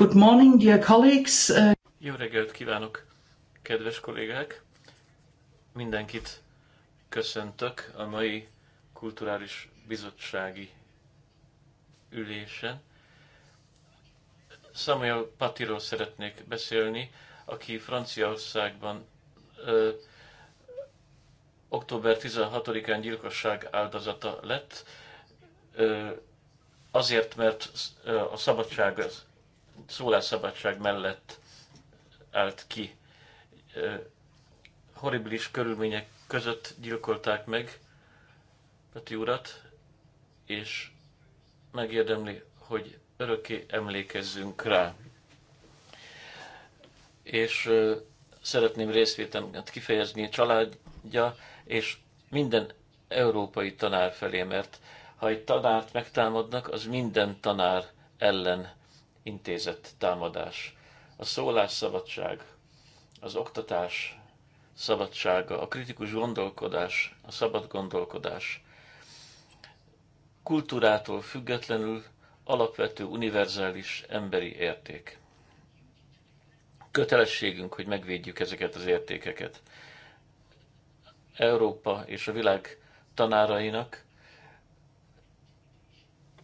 Good morning, dear colleagues. Jó reggelt kívánok, kedves kollégák! Mindenkit köszöntök a mai kulturális bizottsági ülésen. Samuel Patiról szeretnék beszélni, aki Franciaországban ö, október 16-án gyilkosság áldozata lett, ö, azért, mert a szabadság az szólásszabadság mellett állt ki. Horribilis körülmények között gyilkolták meg Peti urat, és megérdemli, hogy örökké emlékezzünk rá. És szeretném részvétemet kifejezni családja és minden európai tanár felé, mert ha egy tanárt megtámadnak, az minden tanár ellen intézett támadás. A szólásszabadság, az oktatás szabadsága, a kritikus gondolkodás, a szabad gondolkodás, kultúrától függetlenül alapvető, univerzális emberi érték. Kötelességünk, hogy megvédjük ezeket az értékeket. Európa és a világ tanárainak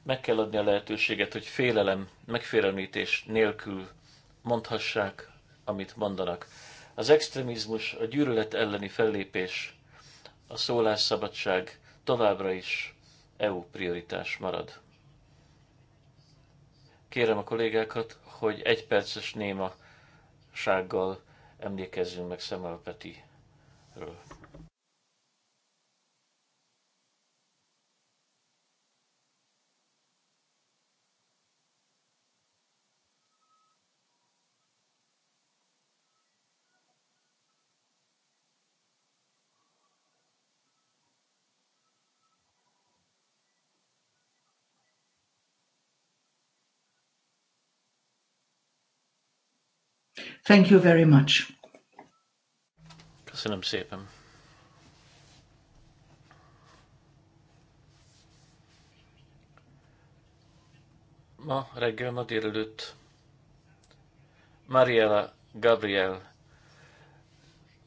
meg kell adni a lehetőséget, hogy félelem, megfélemlítés nélkül mondhassák, amit mondanak. Az extremizmus, a gyűlölet elleni fellépés, a szólásszabadság továbbra is EU prioritás marad. Kérem a kollégákat, hogy egy perces néma emlékezzünk meg Szemelpetiről. Thank you very much. Köszönöm szépen. Ma reggel, ma délelőtt Mariela Gabriel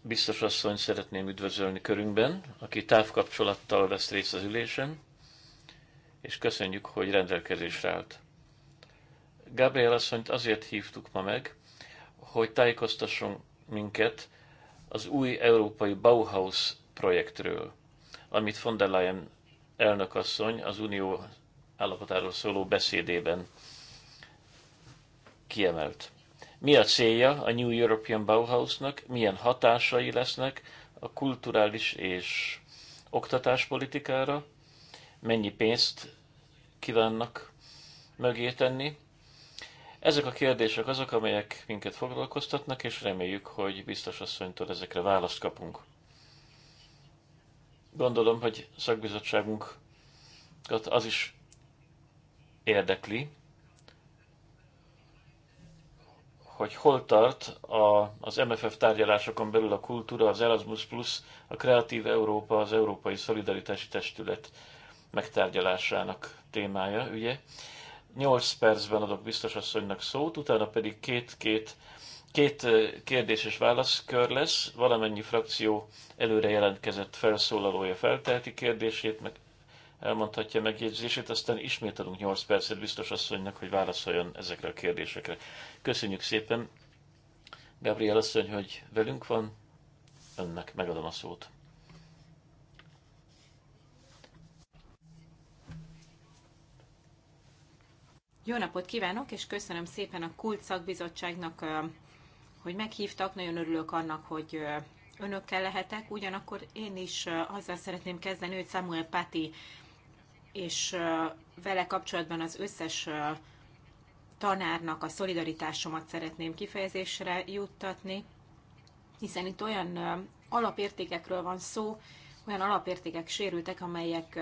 biztos asszony szeretném üdvözölni körünkben, aki távkapcsolattal vesz részt az ülésen, és köszönjük, hogy rendelkezésre állt. Gabriel asszonyt azért hívtuk ma meg, hogy tájékoztasson minket az új európai Bauhaus projektről, amit von der Leyen elnökasszony az unió állapotáról szóló beszédében kiemelt. Mi a célja a New European Bauhausnak, milyen hatásai lesznek a kulturális és oktatáspolitikára, mennyi pénzt kívánnak mögé tenni, ezek a kérdések azok, amelyek minket foglalkoztatnak, és reméljük, hogy biztos asszonytól ezekre választ kapunk. Gondolom, hogy szakbizottságunkat az is érdekli, hogy hol tart a, az MFF tárgyalásokon belül a kultúra, az Erasmus Plus, a Kreatív Európa, az Európai Szolidaritási Testület megtárgyalásának témája, ügye. 8 percben adok biztos asszonynak szót, utána pedig két-két Két kérdés és válaszkör lesz, valamennyi frakció előre jelentkezett felszólalója felteheti kérdését, meg elmondhatja megjegyzését, aztán ismét adunk 8 percet biztos asszonynak, hogy válaszoljon ezekre a kérdésekre. Köszönjük szépen, Gabriel asszony, hogy velünk van, önnek megadom a szót. Jó napot kívánok, és köszönöm szépen a Kult szakbizottságnak, hogy meghívtak. Nagyon örülök annak, hogy önökkel lehetek. Ugyanakkor én is azzal szeretném kezdeni, hogy Samuel Pati és vele kapcsolatban az összes tanárnak a szolidaritásomat szeretném kifejezésre juttatni, hiszen itt olyan alapértékekről van szó, olyan alapértékek sérültek, amelyek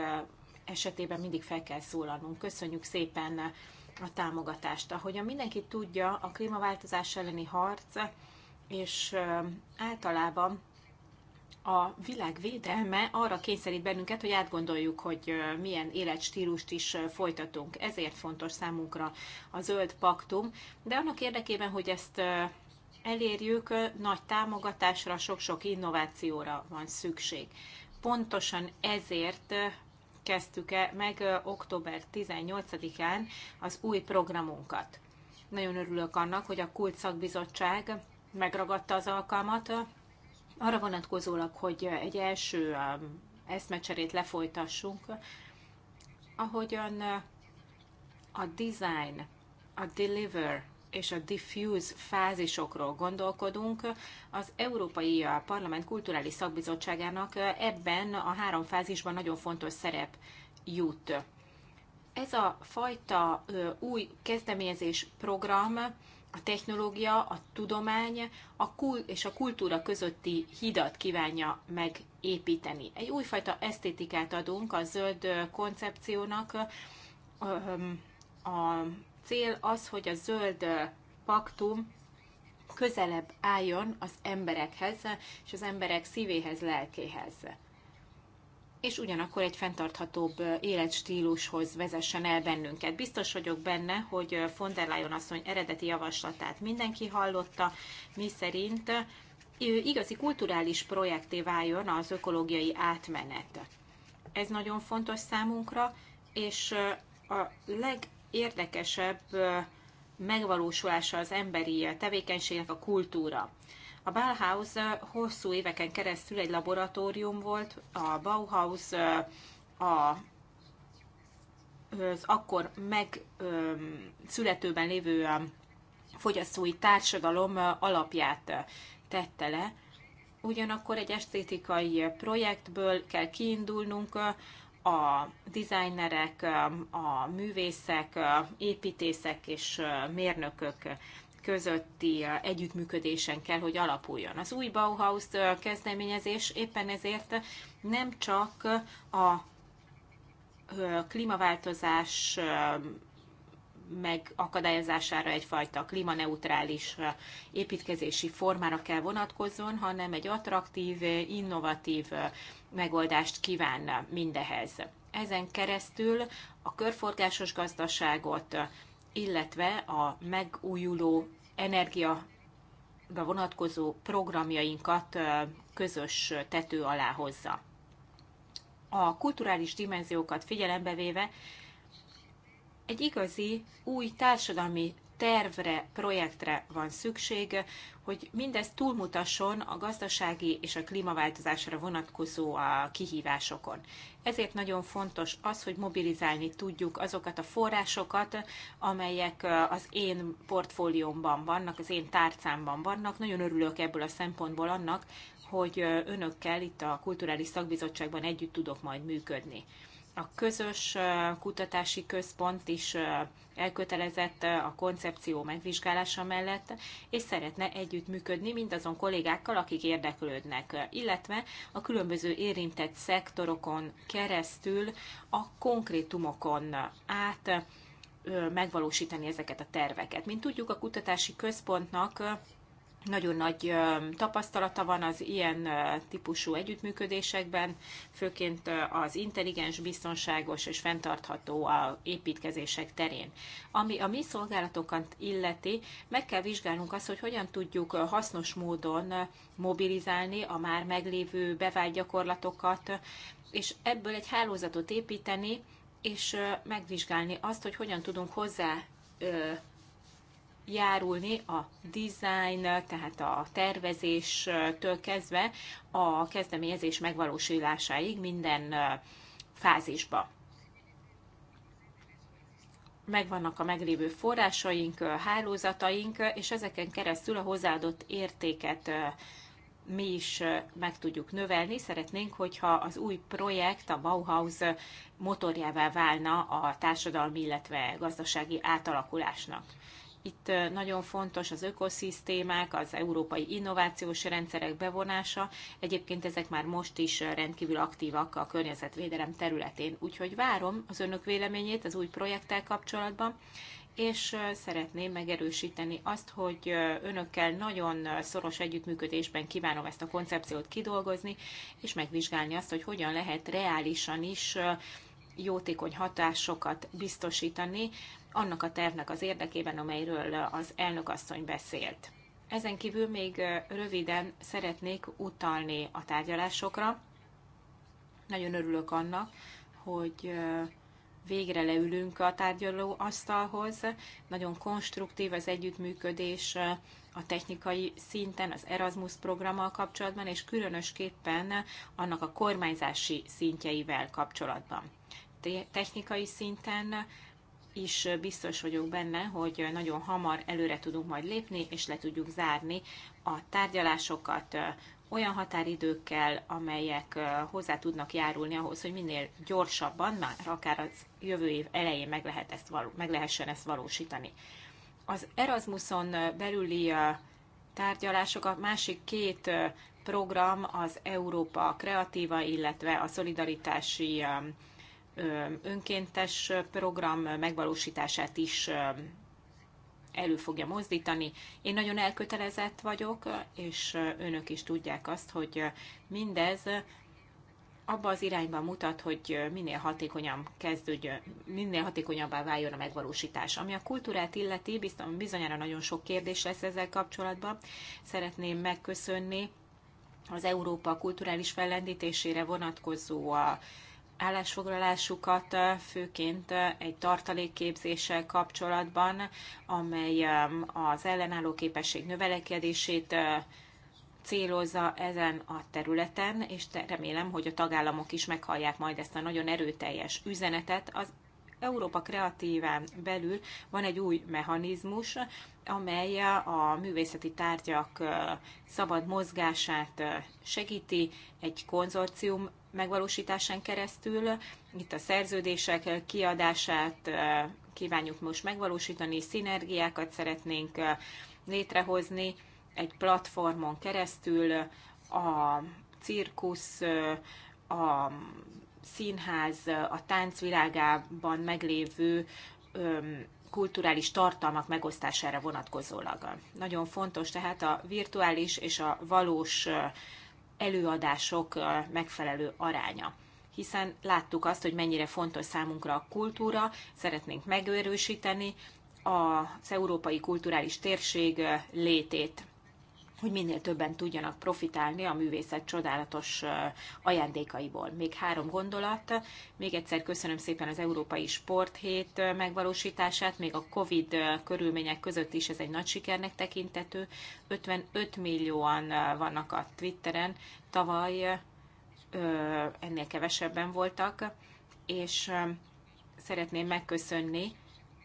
esetében mindig fel kell szólalnunk. Köszönjük szépen a támogatást. Ahogyan mindenki tudja, a klímaváltozás elleni harc és általában a világ védelme arra kényszerít bennünket, hogy átgondoljuk, hogy milyen életstílust is folytatunk. Ezért fontos számunkra a zöld paktum, de annak érdekében, hogy ezt elérjük, nagy támogatásra, sok-sok innovációra van szükség. Pontosan ezért kezdtük -e meg október 18-án az új programunkat. Nagyon örülök annak, hogy a Kult Szakbizottság megragadta az alkalmat, arra vonatkozólag, hogy egy első eszmecserét lefolytassunk, ahogyan a design, a deliver és a diffuse fázisokról gondolkodunk, az Európai Parlament Kulturális Szakbizottságának ebben a három fázisban nagyon fontos szerep jut. Ez a fajta új kezdeményezés program a technológia, a tudomány a kul- és a kultúra közötti hidat kívánja megépíteni. Egy újfajta esztétikát adunk a zöld koncepciónak, a cél az, hogy a zöld paktum közelebb álljon az emberekhez, és az emberek szívéhez, lelkéhez. És ugyanakkor egy fenntarthatóbb életstílushoz vezessen el bennünket. Biztos vagyok benne, hogy von der Leyen asszony eredeti javaslatát mindenki hallotta, mi szerint igazi kulturális projekté váljon az ökológiai átmenet. Ez nagyon fontos számunkra, és a leg érdekesebb megvalósulása az emberi tevékenységnek a kultúra. A Bauhaus hosszú éveken keresztül egy laboratórium volt, a Bauhaus a az akkor megszületőben lévő fogyasztói társadalom alapját tette le. Ugyanakkor egy esztétikai projektből kell kiindulnunk, a dizájnerek, a művészek, építészek és mérnökök közötti együttműködésen kell, hogy alapuljon. Az új Bauhaus kezdeményezés éppen ezért nem csak a klímaváltozás megakadályozására egyfajta klímaneutrális építkezési formára kell vonatkozzon, hanem egy attraktív, innovatív megoldást kíván mindehez. Ezen keresztül a körforgásos gazdaságot, illetve a megújuló energia vonatkozó programjainkat közös tető alá hozza. A kulturális dimenziókat figyelembe véve egy igazi új társadalmi tervre, projektre van szükség, hogy mindez túlmutasson a gazdasági és a klímaváltozásra vonatkozó a kihívásokon. Ezért nagyon fontos az, hogy mobilizálni tudjuk azokat a forrásokat, amelyek uh, az én portfóliómban vannak, az én tárcámban vannak. Nagyon örülök ebből a szempontból annak, hogy uh, önökkel itt a Kulturális Szakbizottságban együtt tudok majd működni. A közös kutatási központ is elkötelezett a koncepció megvizsgálása mellett, és szeretne együttműködni mindazon kollégákkal, akik érdeklődnek, illetve a különböző érintett szektorokon keresztül a konkrétumokon át megvalósítani ezeket a terveket. Mint tudjuk, a kutatási központnak nagyon nagy tapasztalata van az ilyen típusú együttműködésekben, főként az intelligens, biztonságos és fenntartható a építkezések terén. Ami a mi szolgálatokat illeti, meg kell vizsgálnunk azt, hogy hogyan tudjuk hasznos módon mobilizálni a már meglévő bevált gyakorlatokat, és ebből egy hálózatot építeni, és megvizsgálni azt, hogy hogyan tudunk hozzá járulni a design, tehát a tervezéstől kezdve a kezdeményezés megvalósulásáig minden fázisba. Megvannak a meglévő forrásaink, hálózataink, és ezeken keresztül a hozzáadott értéket mi is meg tudjuk növelni. Szeretnénk, hogyha az új projekt, a Bauhaus motorjává válna a társadalmi, illetve gazdasági átalakulásnak. Itt nagyon fontos az ökoszisztémák, az európai innovációs rendszerek bevonása. Egyébként ezek már most is rendkívül aktívak a környezetvédelem területén. Úgyhogy várom az önök véleményét az új projekttel kapcsolatban, és szeretném megerősíteni azt, hogy önökkel nagyon szoros együttműködésben kívánom ezt a koncepciót kidolgozni, és megvizsgálni azt, hogy hogyan lehet reálisan is jótékony hatásokat biztosítani annak a tervnek az érdekében, amelyről az elnökasszony beszélt. Ezen kívül még röviden szeretnék utalni a tárgyalásokra. Nagyon örülök annak, hogy végre leülünk a tárgyaló asztalhoz. Nagyon konstruktív az együttműködés a technikai szinten, az Erasmus programmal kapcsolatban, és különösképpen annak a kormányzási szintjeivel kapcsolatban. Technikai szinten is biztos vagyok benne, hogy nagyon hamar előre tudunk majd lépni, és le tudjuk zárni a tárgyalásokat olyan határidőkkel, amelyek hozzá tudnak járulni ahhoz, hogy minél gyorsabban, már akár az jövő év elején meg, lehet ezt való, meg lehessen ezt valósítani. Az Erasmuson belüli tárgyalások, a másik két program az Európa Kreatíva, illetve a Szolidaritási önkéntes program megvalósítását is elő fogja mozdítani. Én nagyon elkötelezett vagyok, és önök is tudják azt, hogy mindez abba az irányba mutat, hogy minél hatékonyabb kezdődjön, minél hatékonyabbá váljon a megvalósítás. Ami a kultúrát illeti, biztos, bizonyára nagyon sok kérdés lesz ezzel kapcsolatban. Szeretném megköszönni az Európa kulturális fellendítésére vonatkozó a állásfoglalásukat, főként egy tartalékképzéssel kapcsolatban, amely az ellenálló képesség növelekedését célozza ezen a területen, és remélem, hogy a tagállamok is meghallják majd ezt a nagyon erőteljes üzenetet. Az Európa Kreatíván belül van egy új mechanizmus, amely a művészeti tárgyak szabad mozgását segíti egy konzorcium megvalósításán keresztül. Itt a szerződések kiadását eh, kívánjuk most megvalósítani, szinergiákat szeretnénk eh, létrehozni egy platformon keresztül a cirkusz, eh, a színház, a táncvilágában meglévő kulturális tartalmak megosztására vonatkozólag. Nagyon fontos tehát a virtuális és a valós előadások megfelelő aránya hiszen láttuk azt, hogy mennyire fontos számunkra a kultúra, szeretnénk megőrősíteni az európai kulturális térség létét hogy minél többen tudjanak profitálni a művészet csodálatos ajándékaiból. Még három gondolat. Még egyszer köszönöm szépen az Európai Sporthét megvalósítását. Még a COVID körülmények között is ez egy nagy sikernek tekintető. 55 millióan vannak a Twitteren. Tavaly ennél kevesebben voltak, és szeretném megköszönni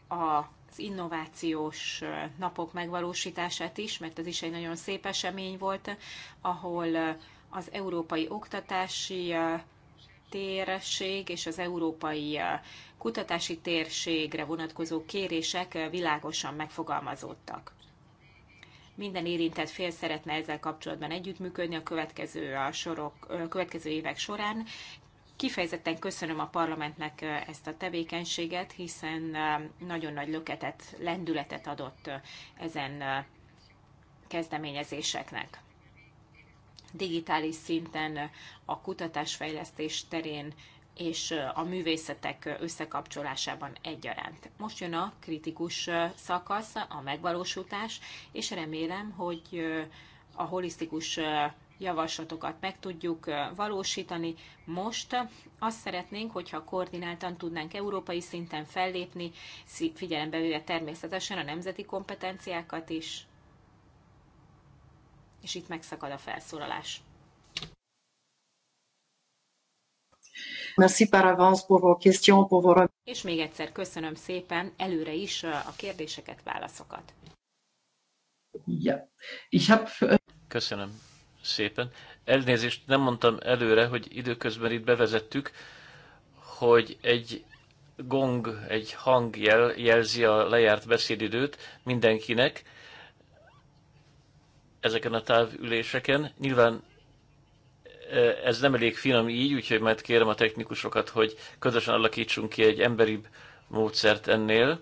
a az innovációs napok megvalósítását is, mert ez is egy nagyon szép esemény volt, ahol az európai oktatási térség és az európai kutatási térségre vonatkozó kérések világosan megfogalmazódtak. Minden érintett fél szeretne ezzel kapcsolatban együttműködni a következő, a sorok, a következő évek során, Kifejezetten köszönöm a parlamentnek ezt a tevékenységet, hiszen nagyon nagy löketet, lendületet adott ezen kezdeményezéseknek. Digitális szinten a kutatásfejlesztés terén és a művészetek összekapcsolásában egyaránt. Most jön a kritikus szakasz, a megvalósítás, és remélem, hogy a holisztikus javaslatokat meg tudjuk valósítani. Most azt szeretnénk, hogyha koordináltan tudnánk európai szinten fellépni, figyelembe véve természetesen a nemzeti kompetenciákat is. És itt megszakad a felszólalás. Merci par avance pour vos questions, pour vos... És még egyszer köszönöm szépen előre is a kérdéseket, válaszokat. Ja. Ich hab... Köszönöm szépen. Elnézést, nem mondtam előre, hogy időközben itt bevezettük, hogy egy gong, egy hangjel jelzi a lejárt beszédidőt mindenkinek ezeken a távüléseken. Nyilván e, ez nem elég finom így, úgyhogy majd kérem a technikusokat, hogy közösen alakítsunk ki egy emberibb módszert ennél,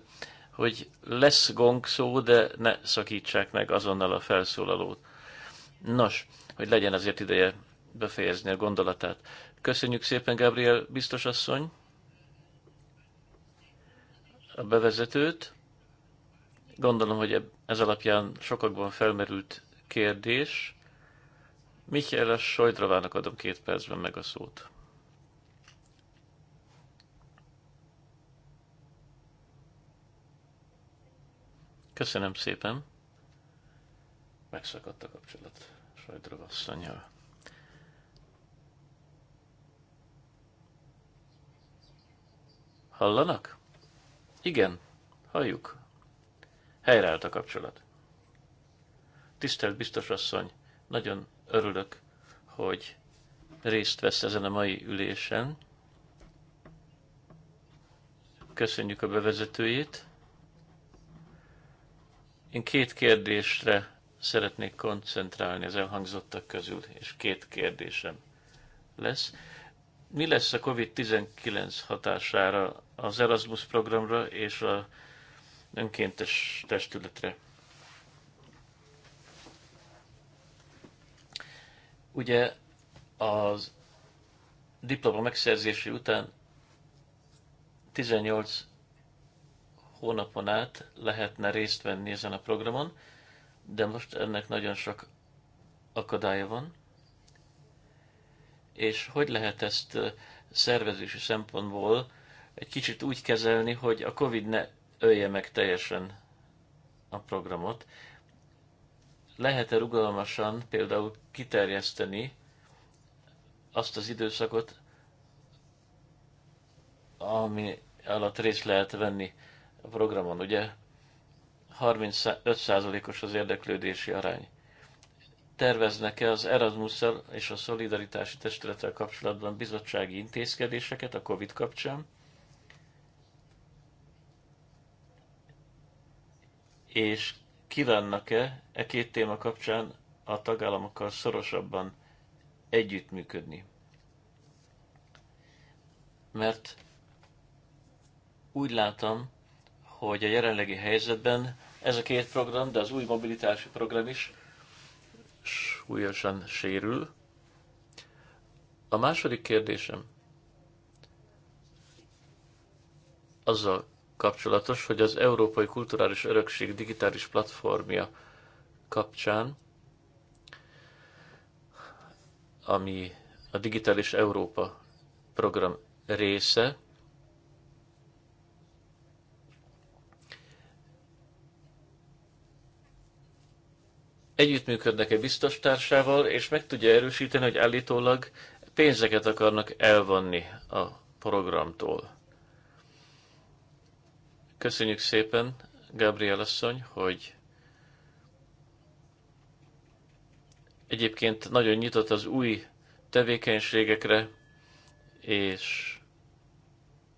hogy lesz gong szó, de ne szakítsák meg azonnal a felszólalót. Nos, hogy legyen azért ideje befejezni a gondolatát. Köszönjük szépen, Gabriel biztos asszony, a bevezetőt. Gondolom, hogy ez alapján sokakban felmerült kérdés. a Sojdravának adom két percben meg a szót. Köszönöm szépen. Megszakadt a kapcsolat. Sajdrov asszonyjal. Hallanak? Igen, halljuk. Helyreállt a kapcsolat. Tisztelt biztos asszony, nagyon örülök, hogy részt vesz ezen a mai ülésen. Köszönjük a bevezetőjét. Én két kérdésre szeretnék koncentrálni az elhangzottak közül, és két kérdésem lesz. Mi lesz a COVID-19 hatására az Erasmus programra és a önkéntes testületre? Ugye az diploma megszerzési után 18 hónapon át lehetne részt venni ezen a programon, de most ennek nagyon sok akadálya van. És hogy lehet ezt szervezési szempontból egy kicsit úgy kezelni, hogy a Covid ne ölje meg teljesen a programot. Lehet-e rugalmasan például kiterjeszteni azt az időszakot, ami alatt részt lehet venni a programon, ugye? 35%-os az érdeklődési arány. Terveznek-e az erasmus és a szolidaritási testülettel kapcsolatban bizottsági intézkedéseket a COVID kapcsán? És kívánnak-e e két téma kapcsán a tagállamokkal szorosabban együttműködni? Mert úgy látom, hogy a jelenlegi helyzetben ez a két program, de az új mobilitási program is súlyosan sérül. A második kérdésem azzal kapcsolatos, hogy az Európai Kulturális Örökség digitális platformja kapcsán, ami a Digitális Európa program része, együttműködnek egy biztos társával, és meg tudja erősíteni, hogy állítólag pénzeket akarnak elvonni a programtól. Köszönjük szépen, Gabriel asszony, hogy egyébként nagyon nyitott az új tevékenységekre, és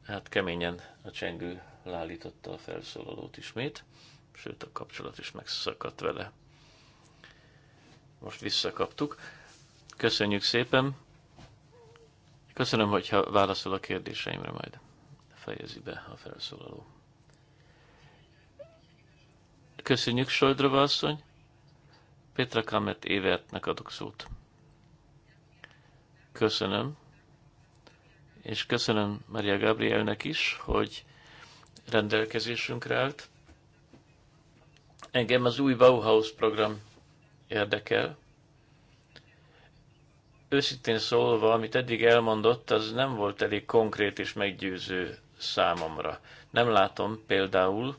hát keményen a csengő lállította a felszólalót ismét, sőt a kapcsolat is megszakadt vele most visszakaptuk. Köszönjük szépen. Köszönöm, hogyha válaszol a kérdéseimre majd. Fejezi be a felszólaló. Köszönjük, Soldrova asszony. Petra Kamet Évertnek adok szót. Köszönöm. És köszönöm Maria Gabrielnek is, hogy rendelkezésünkre állt. Engem az új Bauhaus program érdekel. Őszintén szólva, amit eddig elmondott, az nem volt elég konkrét és meggyőző számomra. Nem látom például,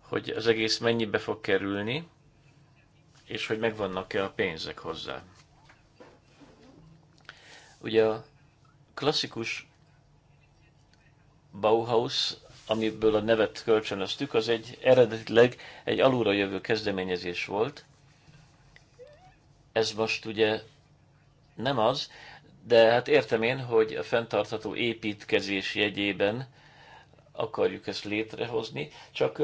hogy az egész mennyibe fog kerülni, és hogy megvannak-e a pénzek hozzá. Ugye a klasszikus Bauhaus amiből a nevet kölcsönöztük, az egy eredetileg egy alulra jövő kezdeményezés volt. Ez most ugye nem az, de hát értem én, hogy a fenntartható építkezés jegyében akarjuk ezt létrehozni, csak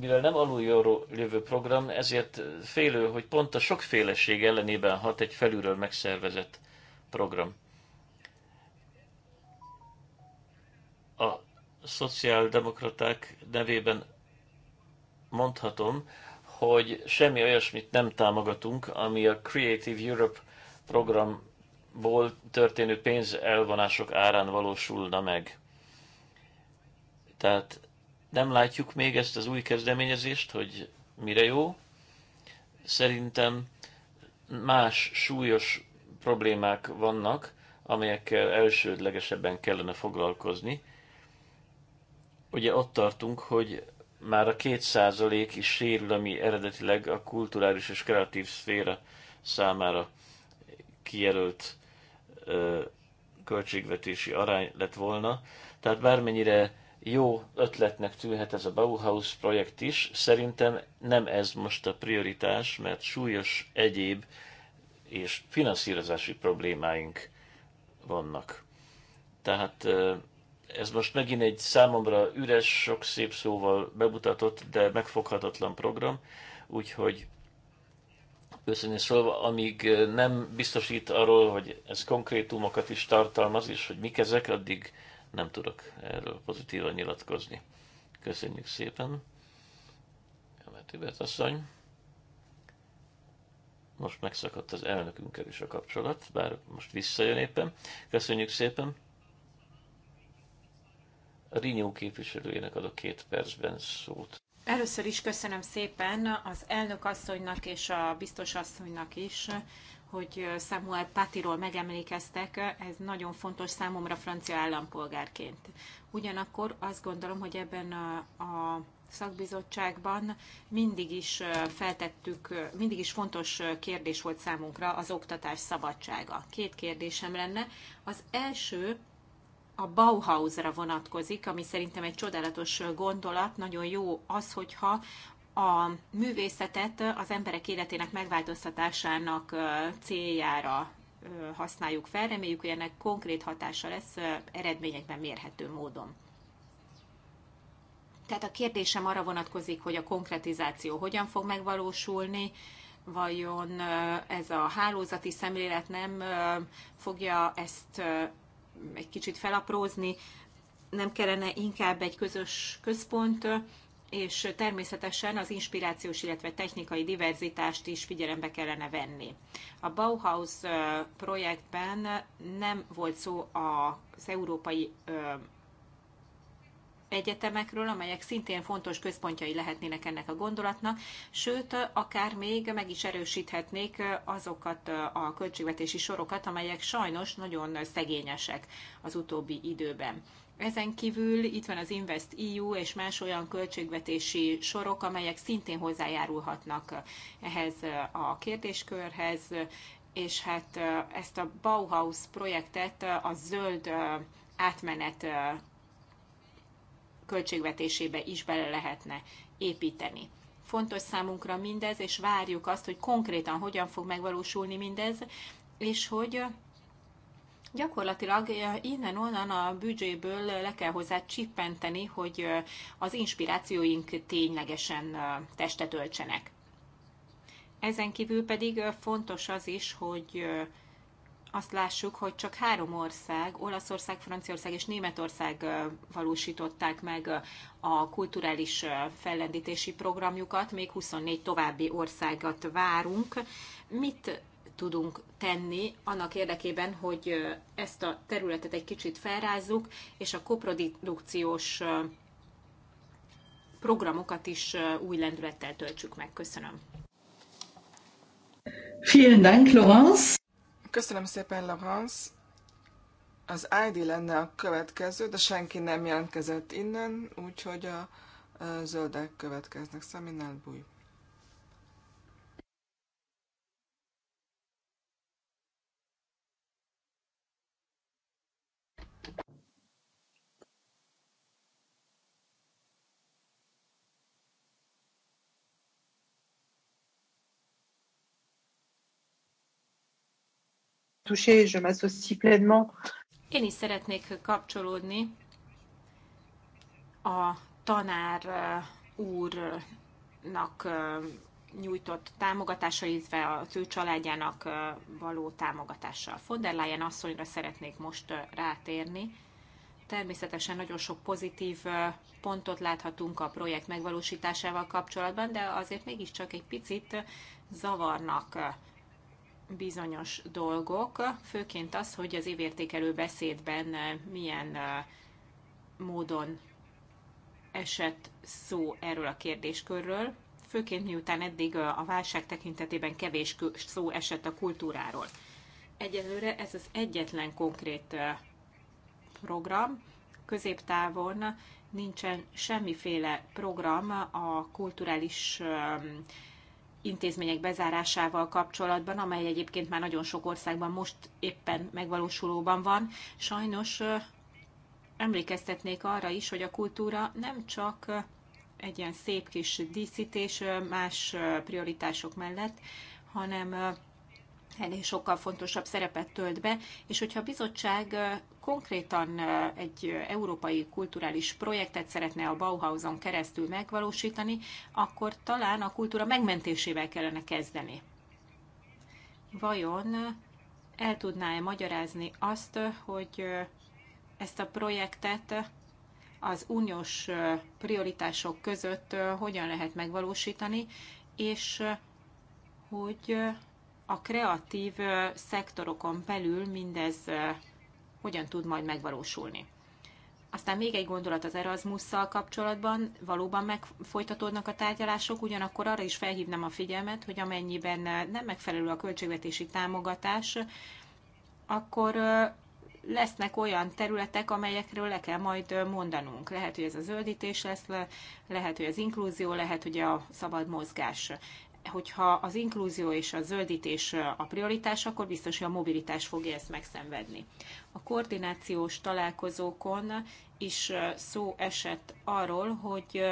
mivel nem alulról jövő program, ezért félő, hogy pont a sokféleség ellenében hat egy felülről megszervezett program. szociáldemokraták nevében mondhatom, hogy semmi olyasmit nem támogatunk, ami a Creative Europe programból történő pénzelvonások árán valósulna meg. Tehát nem látjuk még ezt az új kezdeményezést, hogy mire jó. Szerintem más súlyos problémák vannak, amelyekkel elsődlegesebben kellene foglalkozni ugye ott tartunk, hogy már a két százalék is sérül, ami eredetileg a kulturális és kreatív szféra számára kijelölt ö, költségvetési arány lett volna. Tehát bármennyire jó ötletnek tűnhet ez a Bauhaus projekt is, szerintem nem ez most a prioritás, mert súlyos egyéb és finanszírozási problémáink vannak. Tehát ez most megint egy számomra üres, sok szép szóval bemutatott, de megfoghatatlan program, úgyhogy őszintén szólva, amíg nem biztosít arról, hogy ez konkrétumokat is tartalmaz, és hogy mik ezek, addig nem tudok erről pozitívan nyilatkozni. Köszönjük szépen. Tibet asszony. Most megszakadt az elnökünkkel is a kapcsolat, bár most visszajön éppen. Köszönjük szépen. A Rinyó képviselőjének adok két percben szót. Először is köszönöm szépen az elnök asszonynak és a biztos asszonynak is, hogy Samuel Patiról megemlékeztek, ez nagyon fontos számomra francia állampolgárként. Ugyanakkor azt gondolom, hogy ebben a, a szakbizottságban mindig is feltettük, mindig is fontos kérdés volt számunkra az oktatás szabadsága. Két kérdésem lenne. Az első a Bauhausra vonatkozik, ami szerintem egy csodálatos gondolat, nagyon jó az, hogyha a művészetet az emberek életének megváltoztatásának céljára használjuk fel. Reméljük, hogy ennek konkrét hatása lesz eredményekben mérhető módon. Tehát a kérdésem arra vonatkozik, hogy a konkretizáció hogyan fog megvalósulni, vajon ez a hálózati szemlélet nem fogja ezt egy kicsit felaprózni, nem kellene inkább egy közös központ, és természetesen az inspirációs, illetve technikai diverzitást is figyelembe kellene venni. A Bauhaus projektben nem volt szó az európai egyetemekről, amelyek szintén fontos központjai lehetnének ennek a gondolatnak, sőt, akár még meg is erősíthetnék azokat a költségvetési sorokat, amelyek sajnos nagyon szegényesek az utóbbi időben. Ezen kívül itt van az Invest EU és más olyan költségvetési sorok, amelyek szintén hozzájárulhatnak ehhez a kérdéskörhez, és hát ezt a Bauhaus projektet a zöld átmenet költségvetésébe is bele lehetne építeni. Fontos számunkra mindez, és várjuk azt, hogy konkrétan hogyan fog megvalósulni mindez, és hogy gyakorlatilag eh, innen-onnan a büdzséből le kell hozzá csippenteni, hogy eh, az inspirációink ténylegesen eh, testet öltsenek. Ezen kívül pedig fontos az is, hogy azt lássuk, hogy csak három ország, Olaszország, Franciaország és Németország valósították meg a kulturális fellendítési programjukat, még 24 további országot várunk. Mit tudunk tenni annak érdekében, hogy ezt a területet egy kicsit felrázzuk, és a koprodukciós programokat is új lendülettel töltsük meg. Köszönöm. Vielen Dank, Laurence. Köszönöm szépen, Laurence. Az ID lenne a következő, de senki nem jelentkezett innen, úgyhogy a zöldek következnek. Szeminál búj. toucher, je m'associe pleinement. Én is szeretnék kapcsolódni a tanár uh, úrnak uh, nyújtott támogatása, illetve az ő családjának uh, való támogatással. Von der Leyen asszonyra szeretnék most rátérni. Természetesen nagyon sok pozitív pontot láthatunk a projekt megvalósításával kapcsolatban, de azért mégiscsak egy picit zavarnak bizonyos dolgok, főként az, hogy az évértékelő beszédben eh, milyen eh, módon esett szó erről a kérdéskörről, főként miután eddig eh, a válság tekintetében kevés szó esett a kultúráról. Egyelőre ez az egyetlen konkrét program. Középtávon nincsen semmiféle program a kulturális intézmények bezárásával kapcsolatban, amely egyébként már nagyon sok országban most éppen megvalósulóban van. Sajnos emlékeztetnék arra is, hogy a kultúra nem csak egy ilyen szép kis díszítés más prioritások mellett, hanem ennél sokkal fontosabb szerepet tölt be, és hogyha a bizottság konkrétan egy európai kulturális projektet szeretne a Bauhauson keresztül megvalósítani, akkor talán a kultúra megmentésével kellene kezdeni. Vajon el tudná-e magyarázni azt, hogy ezt a projektet az uniós prioritások között hogyan lehet megvalósítani, és hogy a kreatív szektorokon belül mindez hogyan tud majd megvalósulni. Aztán még egy gondolat az Erasmusszal kapcsolatban, valóban megfolytatódnak a tárgyalások, ugyanakkor arra is felhívnám a figyelmet, hogy amennyiben nem megfelelő a költségvetési támogatás, akkor lesznek olyan területek, amelyekről le kell majd mondanunk. Lehet, hogy ez a zöldítés lesz, lehet, hogy az inklúzió, lehet, hogy a szabad mozgás hogyha az inkluzió és a zöldítés a prioritás, akkor biztos, hogy a mobilitás fogja ezt megszenvedni. A koordinációs találkozókon is szó esett arról, hogy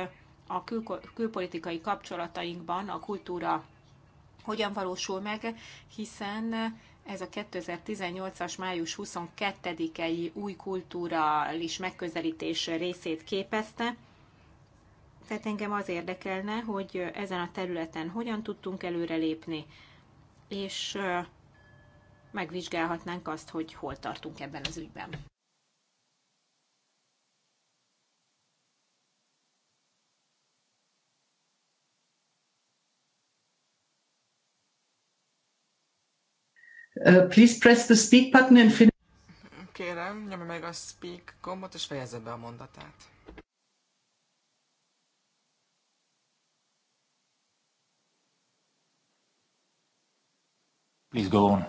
a kül- külpolitikai kapcsolatainkban a kultúra hogyan valósul meg, hiszen ez a 2018-as május 22-i új kulturális megközelítés részét képezte, tehát engem az érdekelne, hogy ezen a területen hogyan tudtunk előrelépni, és megvizsgálhatnánk azt, hogy hol tartunk ebben az ügyben. Uh, please press the speak button and finish. Kérem, nyomja meg a speak gombot, és fejezze be a mondatát. Please go on.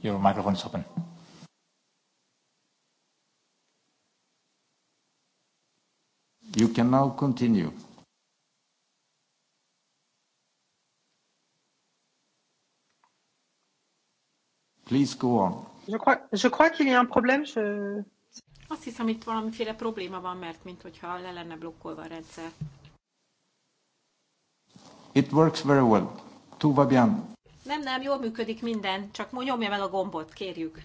Your microphone is open. You can now continue. Please go on. Je crois, je crois qu'il y a un problème. Je... Azt hiszem, itt valamiféle probléma van, mert mint hogyha le lenne blokkolva a rendszer. It works very well. Tout va bien. Nem, nem, jól működik minden, csak nyomja meg a gombot, kérjük.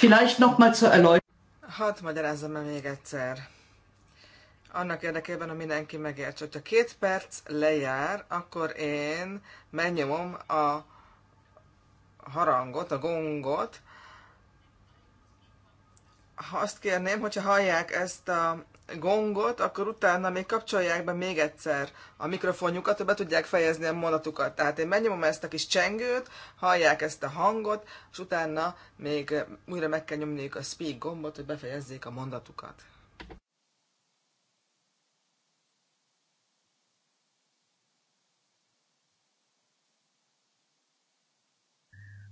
Vielleicht noch mal zur Erläuterung. Hadd magyarázzam el még egyszer. Annak érdekében, hogy mindenki megérts, hogyha két perc lejár, akkor én megnyomom a harangot, a gongot, ha azt kérném, hogyha hallják ezt a gongot, akkor utána még kapcsolják be még egyszer a mikrofonjukat, hogy be tudják fejezni a mondatukat. Tehát én megnyomom ezt a kis csengőt, hallják ezt a hangot, és utána még újra meg kell nyomniuk a speak gombot, hogy befejezzék a mondatukat.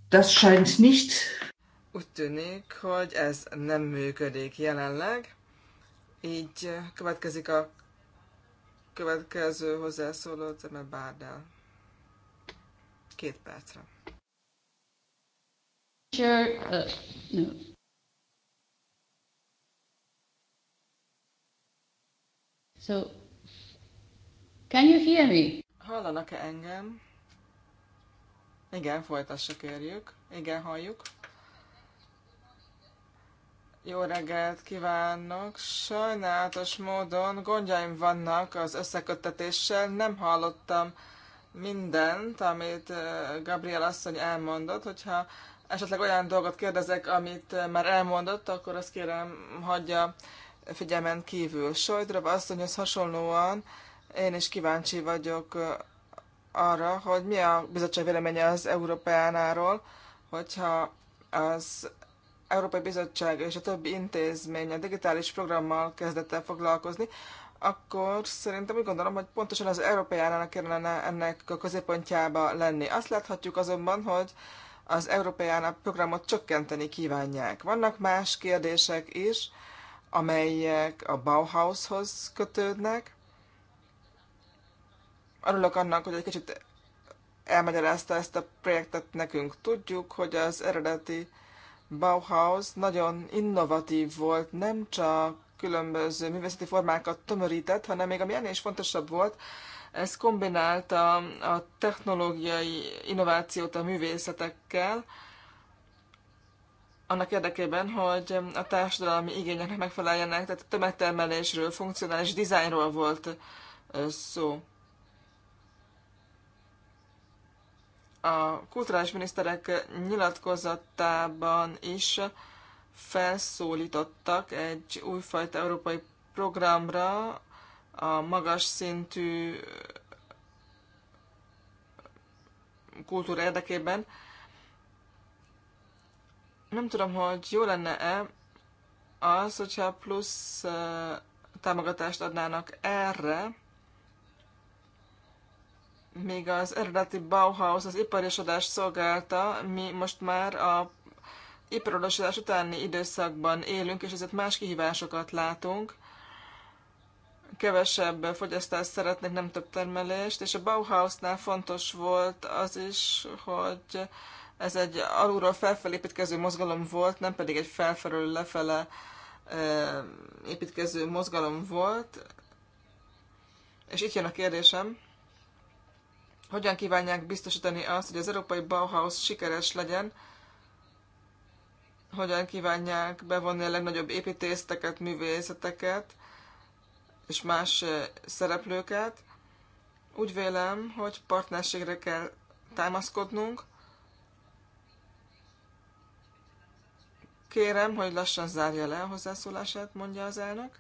Das scheint nicht úgy tűnik, hogy ez nem működik jelenleg, így következik a következő hozzászóló Zeme Bárdel. Két percre. Sure. Uh, no. So, can you hear me? Hallanak-e engem? Igen, folytassa kérjük. Igen, halljuk. Jó reggelt kívánok! Sajnálatos módon gondjaim vannak az összeköttetéssel. Nem hallottam mindent, amit Gabriel asszony elmondott. Hogyha esetleg olyan dolgot kérdezek, amit már elmondott, akkor azt kérem, hagyja figyelmen kívül. Sojdrov asszonyhoz hasonlóan én is kíváncsi vagyok arra, hogy mi a bizottság véleménye az Európeánáról, hogyha az Európai Bizottság és a többi intézmény a digitális programmal kezdett el foglalkozni, akkor szerintem úgy gondolom, hogy pontosan az Európai Államnak kellene ennek a középpontjába lenni. Azt láthatjuk azonban, hogy az Európai Állam programot csökkenteni kívánják. Vannak más kérdések is, amelyek a Bauhaushoz kötődnek. Arulok annak, hogy egy kicsit elmagyarázta ezt a projektet nekünk. Tudjuk, hogy az eredeti Bauhaus nagyon innovatív volt, nem csak különböző művészeti formákat tömörített, hanem még ami ennél is fontosabb volt, ez kombinálta a technológiai innovációt a művészetekkel, annak érdekében, hogy a társadalmi igényeknek megfeleljenek, tehát tömegtermelésről, funkcionális dizájnról volt szó. a kulturális miniszterek nyilatkozatában is felszólítottak egy újfajta európai programra, a magas szintű kultúra érdekében. Nem tudom, hogy jó lenne-e az, hogyha plusz támogatást adnának erre, még az eredeti Bauhaus az iparosodás szolgálta, mi most már a iparosodás utáni időszakban élünk, és ezért más kihívásokat látunk. Kevesebb fogyasztást szeretnék, nem több termelést, és a Bauhausnál fontos volt az is, hogy ez egy alulról felfelé építkező mozgalom volt, nem pedig egy felfelől lefele e, építkező mozgalom volt. És itt jön a kérdésem, hogyan kívánják biztosítani azt, hogy az európai Bauhaus sikeres legyen? Hogyan kívánják bevonni a legnagyobb építészteket, művészeteket és más eh, szereplőket? Úgy vélem, hogy partnerségre kell támaszkodnunk, Kérem, hogy lassan zárja le a hozzászólását, mondja az elnök.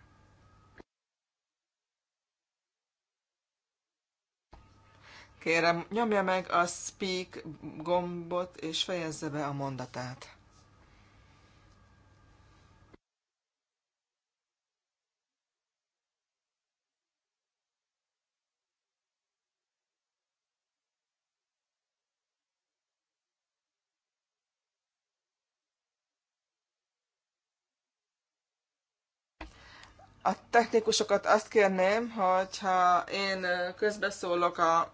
Kérem, nyomja meg a speak gombot, és fejezze be a mondatát. a technikusokat azt kérném, hogyha én közbeszólok a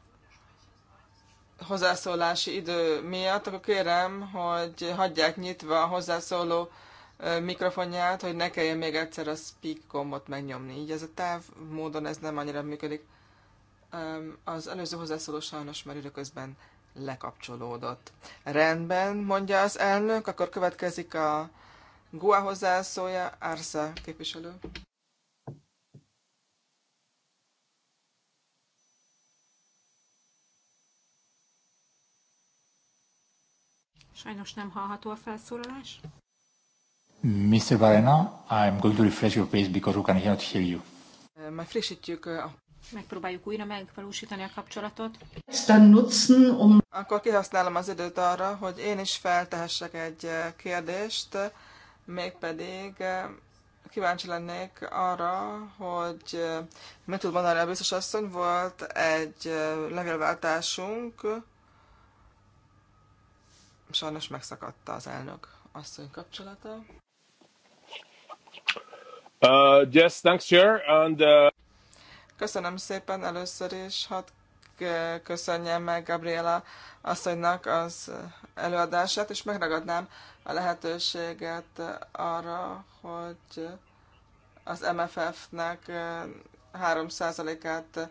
hozzászólási idő miatt, akkor kérem, hogy hagyják nyitva a hozzászóló mikrofonját, hogy ne kelljen még egyszer a speak gombot megnyomni. Így ez a táv módon ez nem annyira működik. Az előző hozzászóló sajnos már időközben lekapcsolódott. Rendben, mondja az elnök, akkor következik a GUA hozzászója, Arsa képviselő. Sajnos nem hallható a felszólalás. Mr. Varena, I'm going to refresh your page because we can cannot hear you. Már frissítjük a... Megpróbáljuk újra megvalósítani a kapcsolatot. Um- Akkor kihasználom az időt arra, hogy én is feltehessek egy kérdést, mégpedig kíváncsi lennék arra, hogy mit tud mondani a biztos asszony, volt egy levélváltásunk, Sajnos megszakadta az elnök asszony kapcsolata. Uh, yes, thanks, Chair. And, uh... Köszönöm szépen először is, hadd uh, köszönjem meg Gabriela asszonynak az előadását, és megragadnám a lehetőséget arra, hogy az MFF-nek 3%-át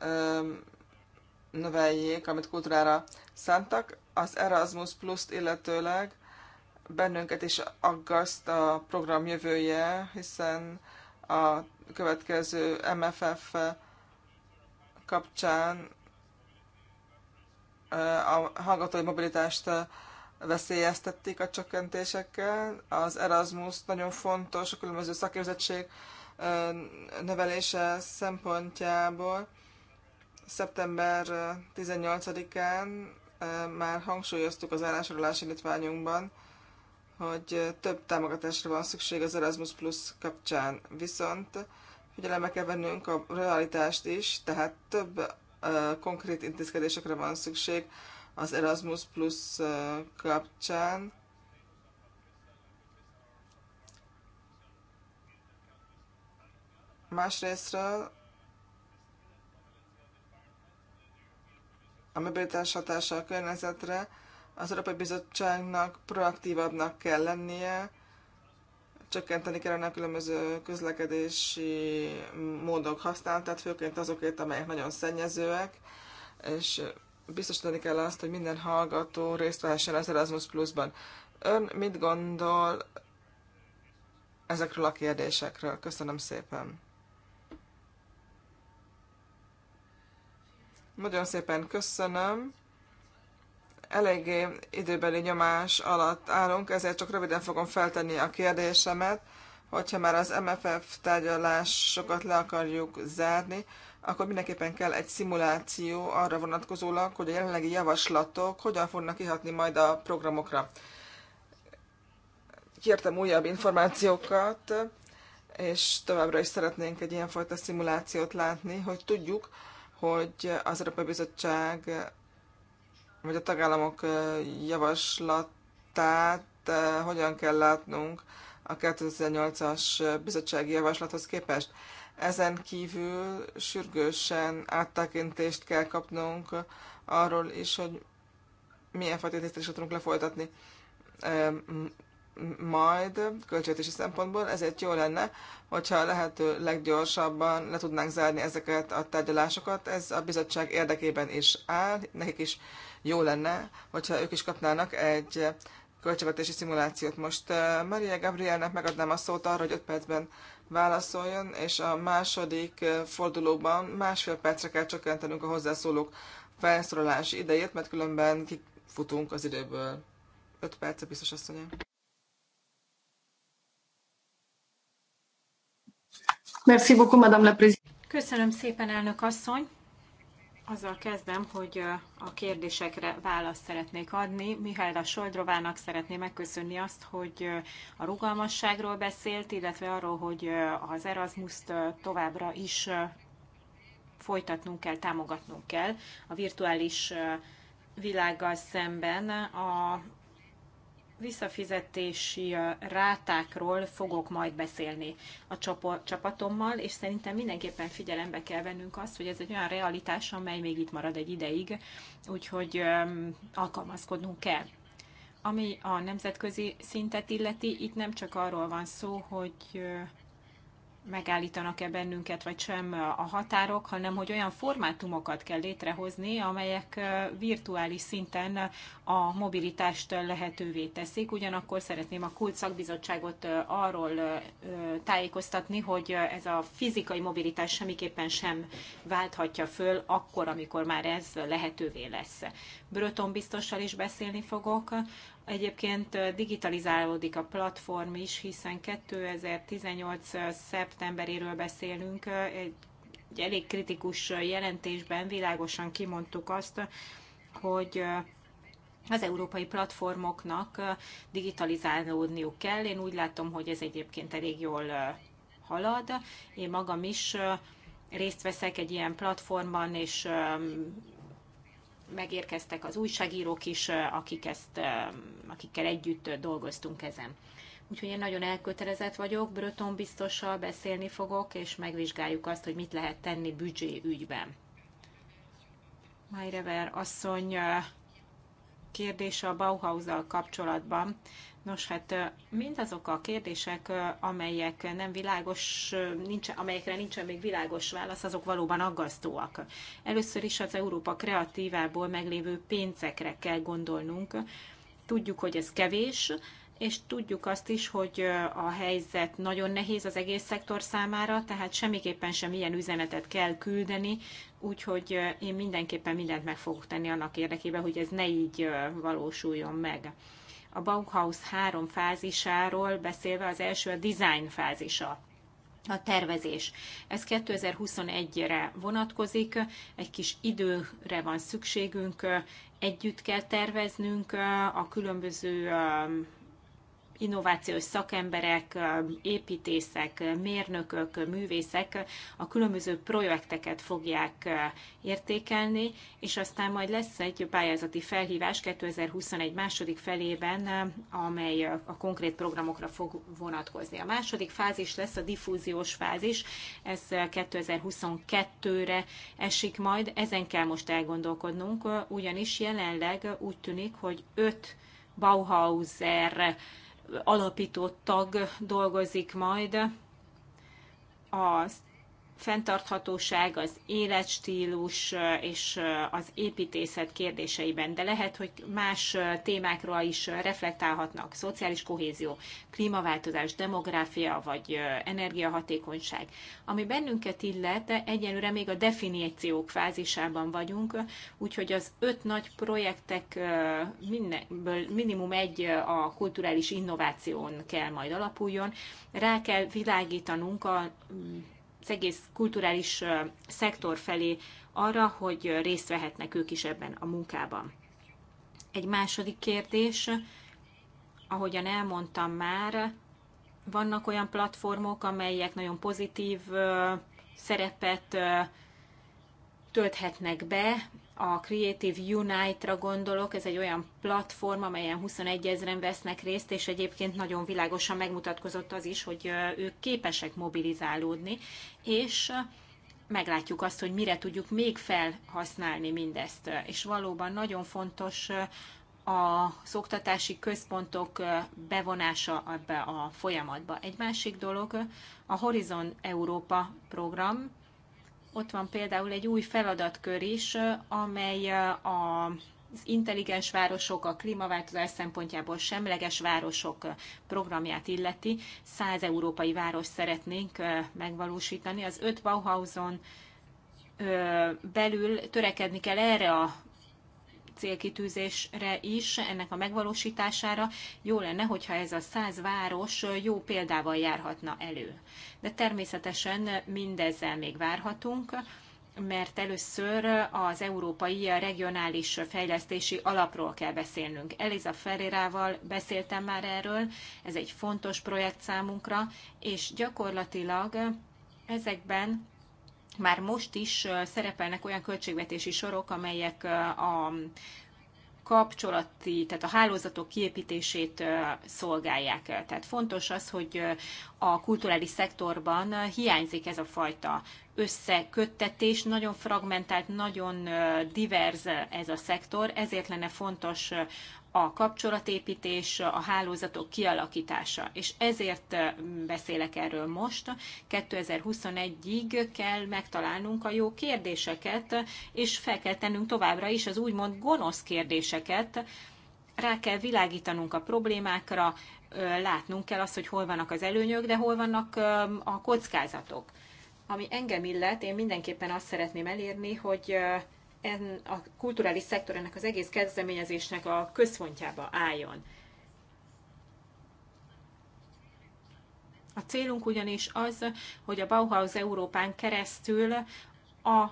uh, um, növeljék, amit kultúrára szántak az Erasmus Plus-t illetőleg bennünket is aggaszt a program jövője, hiszen a következő MFF kapcsán eh, a hallgatói mobilitást eh, veszélyeztették a csökkentésekkel. Az Erasmus nagyon fontos a különböző szakképzettség eh, növelése szempontjából. Szeptember 18-án már hangsúlyoztuk az állásorolási indítványunkban, hogy több támogatásra van szükség az Erasmus Plus kapcsán. Viszont figyelembe kell vennünk a realitást is, tehát több konkrét intézkedésekre van szükség az Erasmus Plus kapcsán. Másrésztről a mobilitás hatása a környezetre, az Európai Bizottságnak proaktívabbnak kell lennie, csökkenteni kellene a különböző közlekedési módok használatát, főként azokért, amelyek nagyon szennyezőek, és biztosítani kell azt, hogy minden hallgató részt vehessen az Erasmus Plus-ban. Ön mit gondol ezekről a kérdésekről? Köszönöm szépen. Nagyon szépen köszönöm. Eléggé időbeli nyomás alatt állunk, ezért csak röviden fogom feltenni a kérdésemet, hogyha már az MFF tárgyalásokat le akarjuk zárni, akkor mindenképpen kell egy szimuláció arra vonatkozólag, hogy a jelenlegi javaslatok hogyan fognak kihatni majd a programokra. Kértem újabb információkat, és továbbra is szeretnénk egy ilyenfajta szimulációt látni, hogy tudjuk, hogy az Európai Bizottság vagy a tagállamok javaslatát hogyan kell látnunk a 2008-as bizottsági javaslathoz képest. Ezen kívül sürgősen áttekintést kell kapnunk arról is, hogy milyen fajta tisztességet tudunk lefolytatni majd költségvetési szempontból, ezért jó lenne, hogyha lehető leggyorsabban le tudnánk zárni ezeket a tárgyalásokat. Ez a bizottság érdekében is áll, nekik is jó lenne, hogyha ők is kapnának egy költségvetési szimulációt. Most eh, Maria Gabrielnek megadnám a szót arra, hogy 5 percben válaszoljon, és a második eh, fordulóban másfél percre kell csökkentenünk a hozzászólók felszólalási idejét, mert különben kifutunk az időből. 5 perc biztos asszonyom. Merci beaucoup, Madame la Présidente. Köszönöm szépen, elnök asszony. Azzal kezdem, hogy a kérdésekre választ szeretnék adni. a Soldrovának szeretném megköszönni azt, hogy a rugalmasságról beszélt, illetve arról, hogy az Erasmus-t továbbra is folytatnunk kell, támogatnunk kell a virtuális világgal szemben a visszafizetési rátákról fogok majd beszélni a csapatommal, és szerintem mindenképpen figyelembe kell vennünk azt, hogy ez egy olyan realitás, amely még itt marad egy ideig, úgyhogy alkalmazkodnunk kell. Ami a nemzetközi szintet illeti, itt nem csak arról van szó, hogy megállítanak-e bennünket, vagy sem a határok, hanem hogy olyan formátumokat kell létrehozni, amelyek virtuális szinten a mobilitást lehetővé teszik. Ugyanakkor szeretném a Kult szakbizottságot arról tájékoztatni, hogy ez a fizikai mobilitás semmiképpen sem válthatja föl akkor, amikor már ez lehetővé lesz. Bröton biztossal is beszélni fogok, Egyébként digitalizálódik a platform is, hiszen 2018. szeptemberéről beszélünk. Egy elég kritikus jelentésben világosan kimondtuk azt, hogy az európai platformoknak digitalizálódniuk kell. Én úgy látom, hogy ez egyébként elég jól halad. Én magam is részt veszek egy ilyen platformban, és megérkeztek az újságírók is, akik ezt, akikkel együtt dolgoztunk ezen. Úgyhogy én nagyon elkötelezett vagyok, Bröton biztossal beszélni fogok, és megvizsgáljuk azt, hogy mit lehet tenni büdzsé ügyben. Májrever asszony kérdése a Bauhaus-al kapcsolatban. Nos, hát mindazok a kérdések, amelyek nem világos, nincs, amelyekre nincsen még világos válasz, azok valóban aggasztóak. Először is az Európa kreatívából meglévő pénzekre kell gondolnunk. Tudjuk, hogy ez kevés, és tudjuk azt is, hogy a helyzet nagyon nehéz az egész szektor számára, tehát semmiképpen sem ilyen üzenetet kell küldeni, úgyhogy én mindenképpen mindent meg fogok tenni annak érdekében, hogy ez ne így valósuljon meg a Bauhaus három fázisáról beszélve, az első a design fázisa, a tervezés. Ez 2021-re vonatkozik, egy kis időre van szükségünk, együtt kell terveznünk a különböző innovációs szakemberek, építészek, mérnökök, művészek a különböző projekteket fogják értékelni, és aztán majd lesz egy pályázati felhívás 2021 második felében, amely a konkrét programokra fog vonatkozni. A második fázis lesz a diffúziós fázis, ez 2022-re esik majd, ezen kell most elgondolkodnunk, ugyanis jelenleg úgy tűnik, hogy öt Bauhauser alapító tag dolgozik majd az fenntarthatóság, az életstílus és az építészet kérdéseiben, de lehet, hogy más témákra is reflektálhatnak, szociális kohézió, klímaváltozás, demográfia vagy energiahatékonyság. Ami bennünket illet, egyenlőre még a definíciók fázisában vagyunk, úgyhogy az öt nagy projektek mindenből minimum egy a kulturális innováción kell majd alapuljon. Rá kell világítanunk a az egész kulturális szektor felé arra, hogy részt vehetnek ők is ebben a munkában. Egy második kérdés, ahogyan elmondtam már, vannak olyan platformok, amelyek nagyon pozitív szerepet tölthetnek be a Creative Unite-ra gondolok, ez egy olyan platform, amelyen 21 ezeren vesznek részt, és egyébként nagyon világosan megmutatkozott az is, hogy ők képesek mobilizálódni, és meglátjuk azt, hogy mire tudjuk még felhasználni mindezt. És valóban nagyon fontos a szoktatási központok bevonása ebbe a folyamatba. Egy másik dolog a Horizon Európa program, ott van például egy új feladatkör is, amely a az intelligens városok, a klímaváltozás szempontjából semleges városok programját illeti. 100 európai város szeretnénk megvalósítani. Az öt Bauhauson belül törekedni kell erre a célkitűzésre is, ennek a megvalósítására. Jó lenne, hogyha ez a száz város jó példával járhatna elő. De természetesen mindezzel még várhatunk mert először az Európai Regionális Fejlesztési Alapról kell beszélnünk. Eliza Ferrerával beszéltem már erről, ez egy fontos projekt számunkra, és gyakorlatilag ezekben már most is szerepelnek olyan költségvetési sorok, amelyek a kapcsolati, tehát a hálózatok kiépítését szolgálják. Tehát fontos az, hogy a kulturális szektorban hiányzik ez a fajta összeköttetés, nagyon fragmentált, nagyon divers ez a szektor, ezért lenne fontos a kapcsolatépítés, a hálózatok kialakítása. És ezért beszélek erről most. 2021-ig kell megtalálnunk a jó kérdéseket, és fel kell tennünk továbbra is az úgymond gonosz kérdéseket. Rá kell világítanunk a problémákra, látnunk kell azt, hogy hol vannak az előnyök, de hol vannak a kockázatok. Ami engem illet, én mindenképpen azt szeretném elérni, hogy en, a kulturális szektor ennek az egész kezdeményezésnek a központjába álljon. A célunk ugyanis az, hogy a Bauhaus Európán keresztül a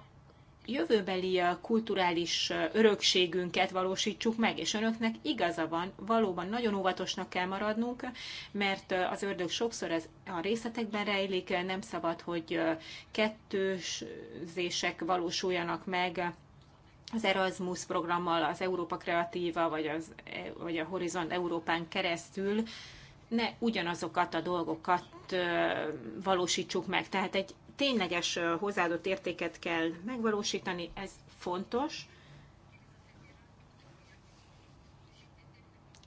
jövőbeli uh, kulturális uh, örökségünket valósítsuk meg, és önöknek igaza van, valóban nagyon óvatosnak kell maradnunk, mert uh, az ördög sokszor ez a részletekben rejlik, nem szabad, hogy kettősések valósuljanak meg az Erasmus programmal, az Európa Kreatíva, vagy, az, e, vagy a Horizont Európán keresztül ne ugyanazokat a dolgokat valósítsuk meg. Tehát egy tényleges hozzáadott értéket kell megvalósítani, ez fontos.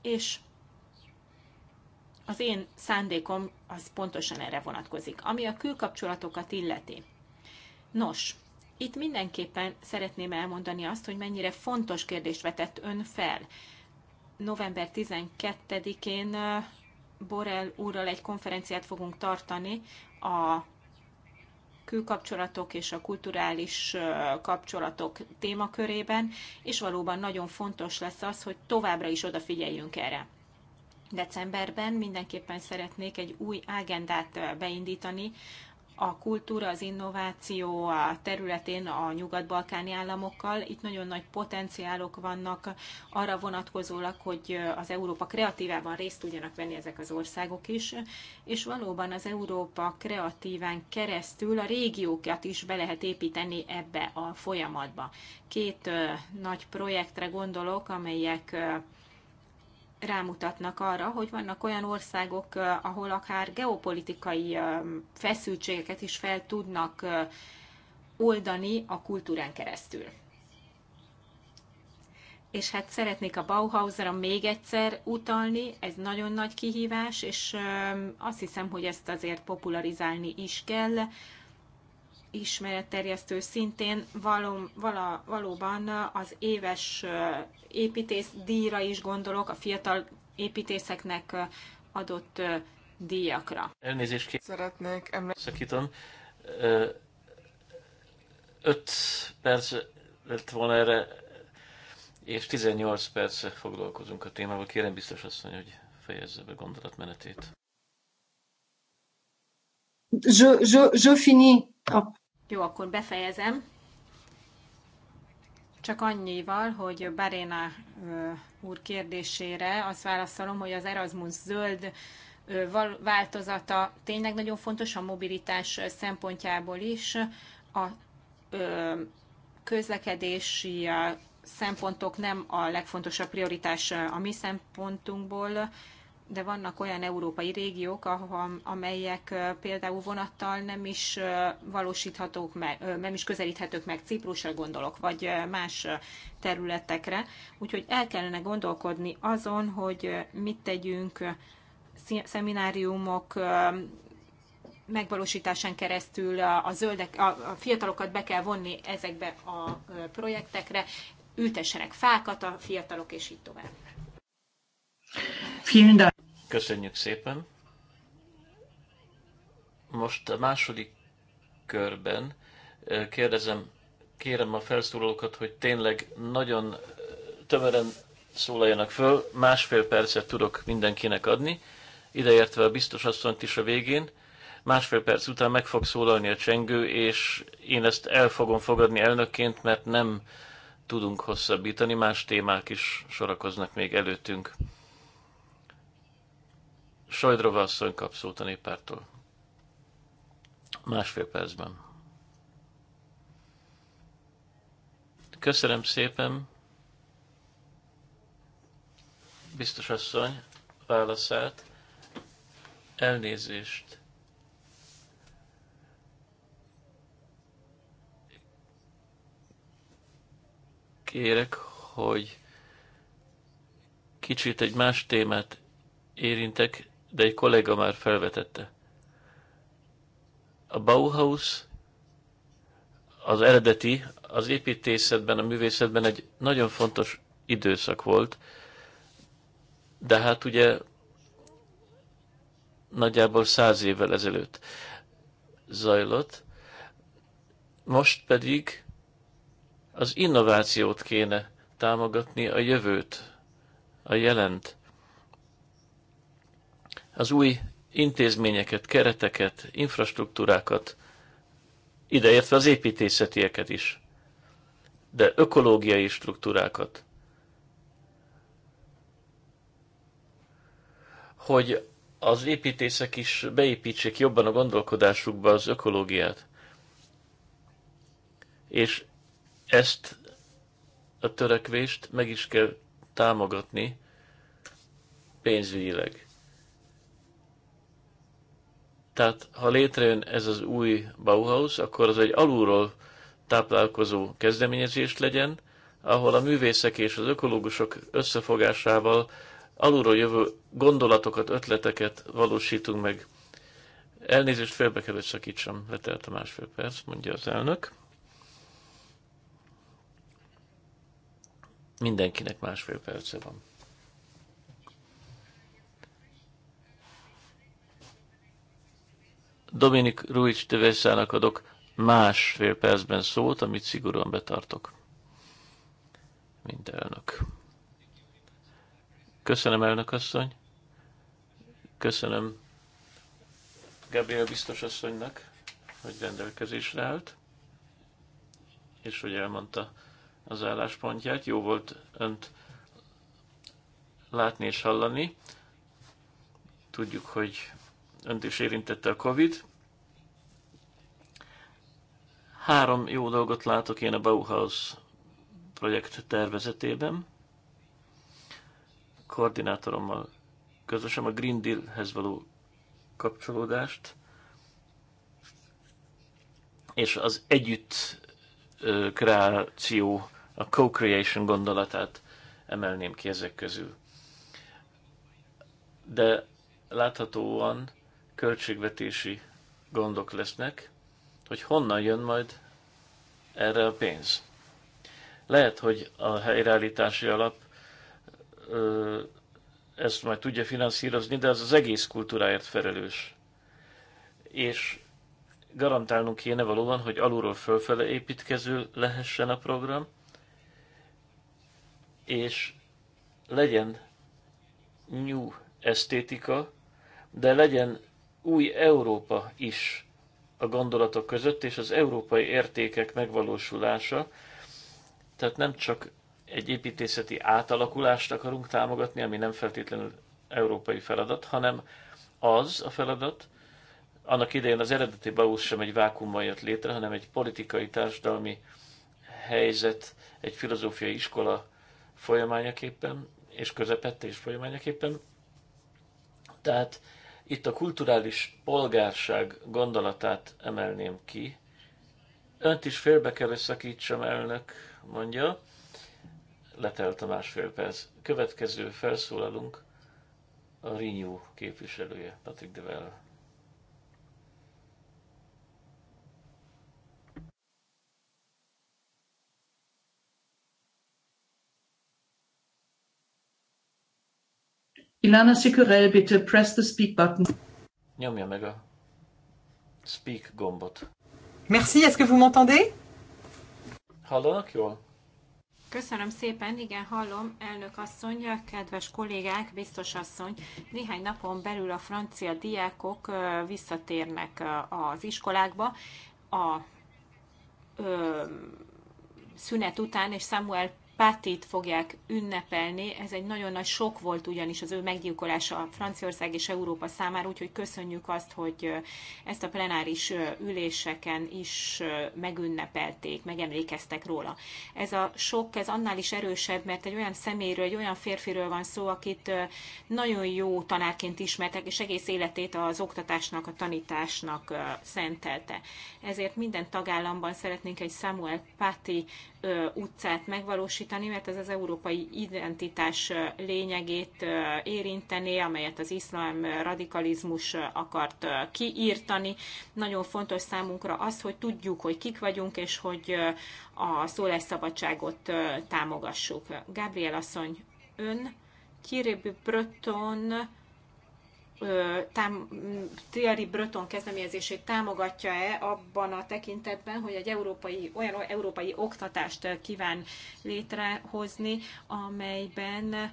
És az én szándékom az pontosan erre vonatkozik, ami a külkapcsolatokat illeti. Nos, itt mindenképpen szeretném elmondani azt, hogy mennyire fontos kérdést vetett ön fel. November 12-én Borel úrral egy konferenciát fogunk tartani a külkapcsolatok és a kulturális kapcsolatok témakörében, és valóban nagyon fontos lesz az, hogy továbbra is odafigyeljünk erre. Decemberben mindenképpen szeretnék egy új agendát beindítani a kultúra, az innováció a területén a nyugat-balkáni államokkal. Itt nagyon nagy potenciálok vannak arra vonatkozólag, hogy az Európa kreatívában részt tudjanak venni ezek az országok is, és valóban az Európa kreatíván keresztül a régiókat is be lehet építeni ebbe a folyamatba. Két nagy projektre gondolok, amelyek rámutatnak arra, hogy vannak olyan országok, ahol akár geopolitikai feszültségeket is fel tudnak oldani a kultúrán keresztül. És hát szeretnék a Bauhausra még egyszer utalni, ez nagyon nagy kihívás, és azt hiszem, hogy ezt azért popularizálni is kell, ismeretterjesztő szintén való, vala, valóban az éves építész díjra is gondolok, a fiatal építészeknek adott díjakra. Elnézést kérek. Szeretnék emlékezni. Szakítom. Öt perc lett volna erre, és 18 perc foglalkozunk a témával. Kérem biztos mondja, hogy fejezze be gondolatmenetét. Je, je, je finis. Oh. Jó, akkor befejezem. Csak annyival, hogy Baréna úr kérdésére azt válaszolom, hogy az Erasmus zöld változata tényleg nagyon fontos a mobilitás szempontjából is. A közlekedési szempontok nem a legfontosabb prioritás a mi szempontunkból, de vannak olyan európai régiók, amelyek például vonattal nem is valósíthatók meg, nem is közelíthetők meg, Ciprusra gondolok, vagy más területekre. Úgyhogy el kellene gondolkodni azon, hogy mit tegyünk szemináriumok megvalósításán keresztül a, zöldek, a fiatalokat be kell vonni ezekbe a projektekre, ültessenek fákat a fiatalok, és így tovább. Köszönjük szépen. Most a második körben kérdezem, kérem a felszólalókat, hogy tényleg nagyon tömören szólaljanak föl, másfél percet tudok mindenkinek adni, ideértve a biztos asszonyt is a végén, másfél perc után meg fog szólalni a csengő, és én ezt el fogom fogadni elnökként, mert nem tudunk hosszabbítani, más témák is sorakoznak még előttünk. Sajdrova asszony kap szót a néppártól. Másfél percben. Köszönöm szépen, biztos asszony, válaszát. Elnézést. Kérek, hogy kicsit egy más témát érintek, de egy kollega már felvetette. A Bauhaus az eredeti, az építészetben, a művészetben egy nagyon fontos időszak volt, de hát ugye nagyjából száz évvel ezelőtt zajlott. Most pedig az innovációt kéne támogatni, a jövőt, a jelent az új intézményeket, kereteket, infrastruktúrákat, ideértve az építészetieket is, de ökológiai struktúrákat, hogy az építészek is beépítsék jobban a gondolkodásukba az ökológiát. És ezt a törekvést meg is kell támogatni pénzügyileg. Tehát ha létrejön ez az új Bauhaus, akkor az egy alulról táplálkozó kezdeményezést legyen, ahol a művészek és az ökológusok összefogásával alulról jövő gondolatokat, ötleteket valósítunk meg. Elnézést félbe kell, hogy szakítsam, letelt a másfél perc, mondja az elnök. Mindenkinek másfél perce van. Dominik Ruiz Teveszának adok másfél percben szót, amit szigorúan betartok, Minden elnök. Köszönöm, elnök asszony. Köszönöm Gabriel biztos asszonynak, hogy rendelkezésre állt, és hogy elmondta az álláspontját. Jó volt önt látni és hallani. Tudjuk, hogy önt is érintette a Covid. Három jó dolgot látok én a Bauhaus projekt tervezetében. Koordinátorommal közösen a Green Dealhez való kapcsolódást, és az együtt kreáció, a co-creation gondolatát emelném ki ezek közül. De láthatóan költségvetési gondok lesznek, hogy honnan jön majd erre a pénz. Lehet, hogy a helyreállítási alap ö, ezt majd tudja finanszírozni, de az az egész kultúráért felelős. És garantálnunk kéne valóban, hogy alulról fölfele építkező lehessen a program, és legyen new esztétika, de legyen új Európa is a gondolatok között, és az európai értékek megvalósulása, tehát nem csak egy építészeti átalakulást akarunk támogatni, ami nem feltétlenül európai feladat, hanem az a feladat, annak idején az eredeti Bausz sem egy vákumban jött létre, hanem egy politikai, társadalmi helyzet, egy filozófiai iskola folyamányaképpen, és közepette is folyamányaképpen. Tehát itt a kulturális polgárság gondolatát emelném ki. Önt is félbe kell, hogy szakítsam, elnök, mondja. Letelt a másfél perc. Következő felszólalunk a Rinyú képviselője, Patrick Devel. Ilana Sikorel, bitte press the speak button. Nyomja meg a speak gombot. Merci, est-ce que vous m'entendez? Hallanak jól? Köszönöm szépen, igen, hallom, elnök asszony, kedves kollégák, biztos asszony. Néhány napon belül a francia diákok visszatérnek az iskolákba a ö, szünet után, és Samuel Pátit fogják ünnepelni. Ez egy nagyon nagy sok volt ugyanis az ő meggyilkolása Franciaország és Európa számára, úgyhogy köszönjük azt, hogy ezt a plenáris üléseken is megünnepelték, megemlékeztek róla. Ez a sok, ez annál is erősebb, mert egy olyan szeméről, egy olyan férfiről van szó, akit nagyon jó tanárként ismertek, és egész életét az oktatásnak, a tanításnak szentelte. Ezért minden tagállamban szeretnénk egy Samuel Páti utcát megvalósítani, módosítani, mert ez az európai identitás lényegét érintené, amelyet az iszlám radikalizmus akart kiírtani. Nagyon fontos számunkra az, hogy tudjuk, hogy kik vagyunk, és hogy a szólásszabadságot támogassuk. Gabriel asszony, ön, Thierry Breton, tám, Thierry Breton kezdeményezését támogatja-e abban a tekintetben, hogy egy európai, olyan európai oktatást kíván létrehozni, amelyben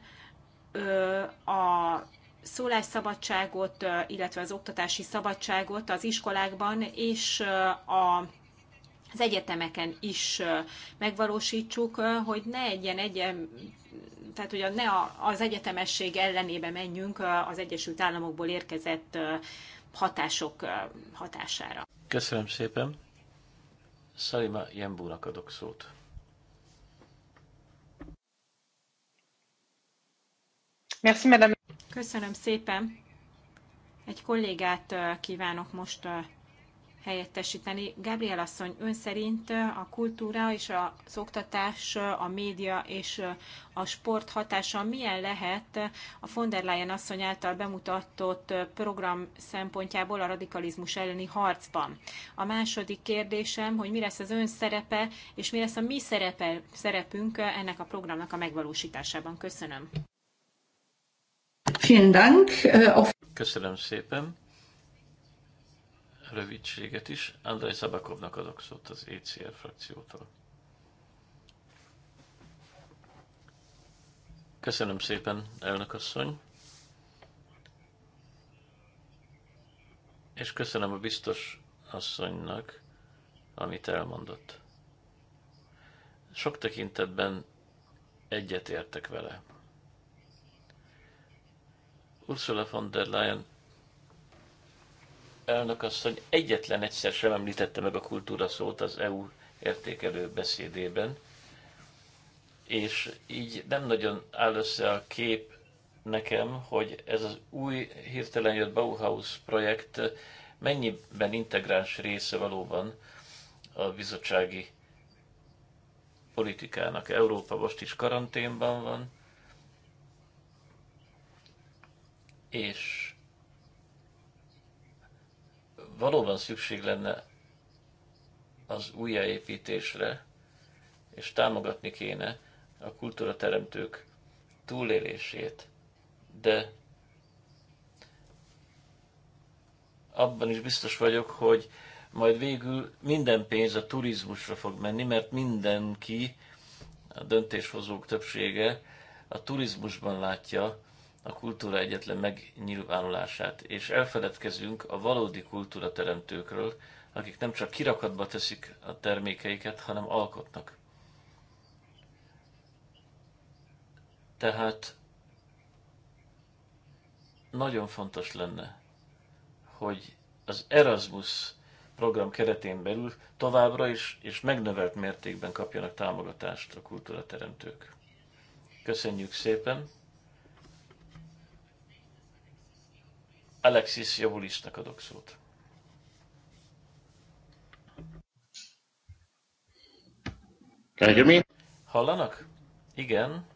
ö, a szólásszabadságot, illetve az oktatási szabadságot az iskolákban és a az egyetemeken is megvalósítsuk, hogy ne egyen egyen, tehát ugye ne az egyetemesség ellenébe menjünk az Egyesült Államokból érkezett hatások hatására. Köszönöm szépen. Szalima Jembúnak adok szót. Merci, Köszönöm szépen. Egy kollégát kívánok most helyettesíteni. Gabriel asszony, ön szerint a kultúra és az oktatás, a média és a sport hatása milyen lehet a von der Leyen asszony által bemutatott program szempontjából a radikalizmus elleni harcban? A második kérdésem, hogy mi lesz az ön szerepe, és mi lesz a mi szerepe, szerepünk ennek a programnak a megvalósításában? Köszönöm. Äh, Köszönöm szépen rövidséget is. Andrei Szabakovnak adok szót az ECR frakciótól. Köszönöm szépen, elnök asszony. És köszönöm a biztos asszonynak, amit elmondott. Sok tekintetben egyetértek vele. Ursula von der Leyen elnök asszony egyetlen egyszer sem említette meg a kultúra szót az EU értékelő beszédében, és így nem nagyon áll össze a kép nekem, hogy ez az új hirtelen jött Bauhaus projekt mennyiben integráns része valóban a bizottsági politikának. Európa most is karanténban van, és valóban szükség lenne az újjáépítésre, és támogatni kéne a kultúra teremtők túlélését, de abban is biztos vagyok, hogy majd végül minden pénz a turizmusra fog menni, mert mindenki, a döntéshozók többsége a turizmusban látja a kultúra egyetlen megnyilvánulását, és elfeledkezünk a valódi kultúra teremtőkről, akik nem csak kirakatba teszik a termékeiket, hanem alkotnak. Tehát nagyon fontos lenne, hogy az Erasmus program keretén belül továbbra is és megnövelt mértékben kapjanak támogatást a kultúrateremtők. Köszönjük szépen! Alexis Javulisnak adok szót. Can you hear me? Hallanak? Igen.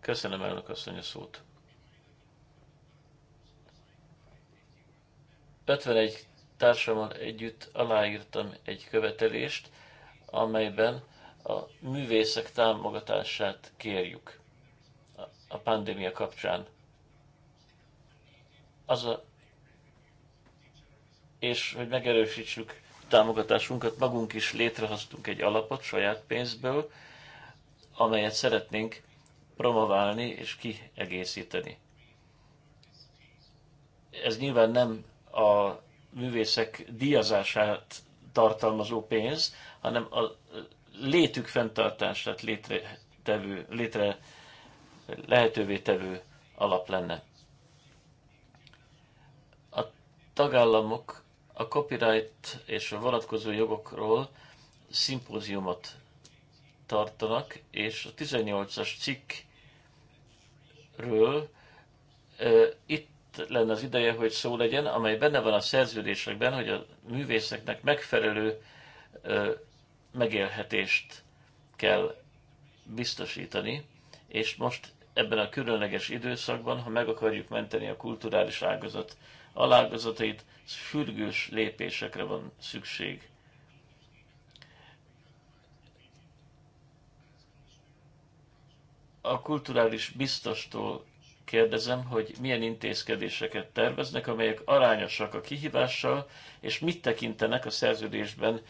Köszönöm elnök asszony a szót. 51 társammal együtt aláírtam egy követelést, amelyben a művészek támogatását kérjük a pandémia kapcsán. Az a és hogy megerősítsük támogatásunkat, magunk is létrehoztunk egy alapot saját pénzből, amelyet szeretnénk promoválni és kiegészíteni. Ez nyilván nem a művészek díjazását tartalmazó pénz, hanem a létük fenntartását létre, tevő, létre lehetővé tevő alap lenne. A tagállamok a copyright és a vonatkozó jogokról szimpóziumot tartanak, és a 18-as cikkről itt lenne az ideje, hogy szó legyen, amely benne van a szerződésekben, hogy a művészeknek megfelelő megélhetést kell biztosítani, és most ebben a különleges időszakban, ha meg akarjuk menteni a kulturális ágazat alágazatait, sürgős lépésekre van szükség. A kulturális biztostól kérdezem, hogy milyen intézkedéseket terveznek, amelyek arányosak a kihívással, és mit tekintenek a szerződésben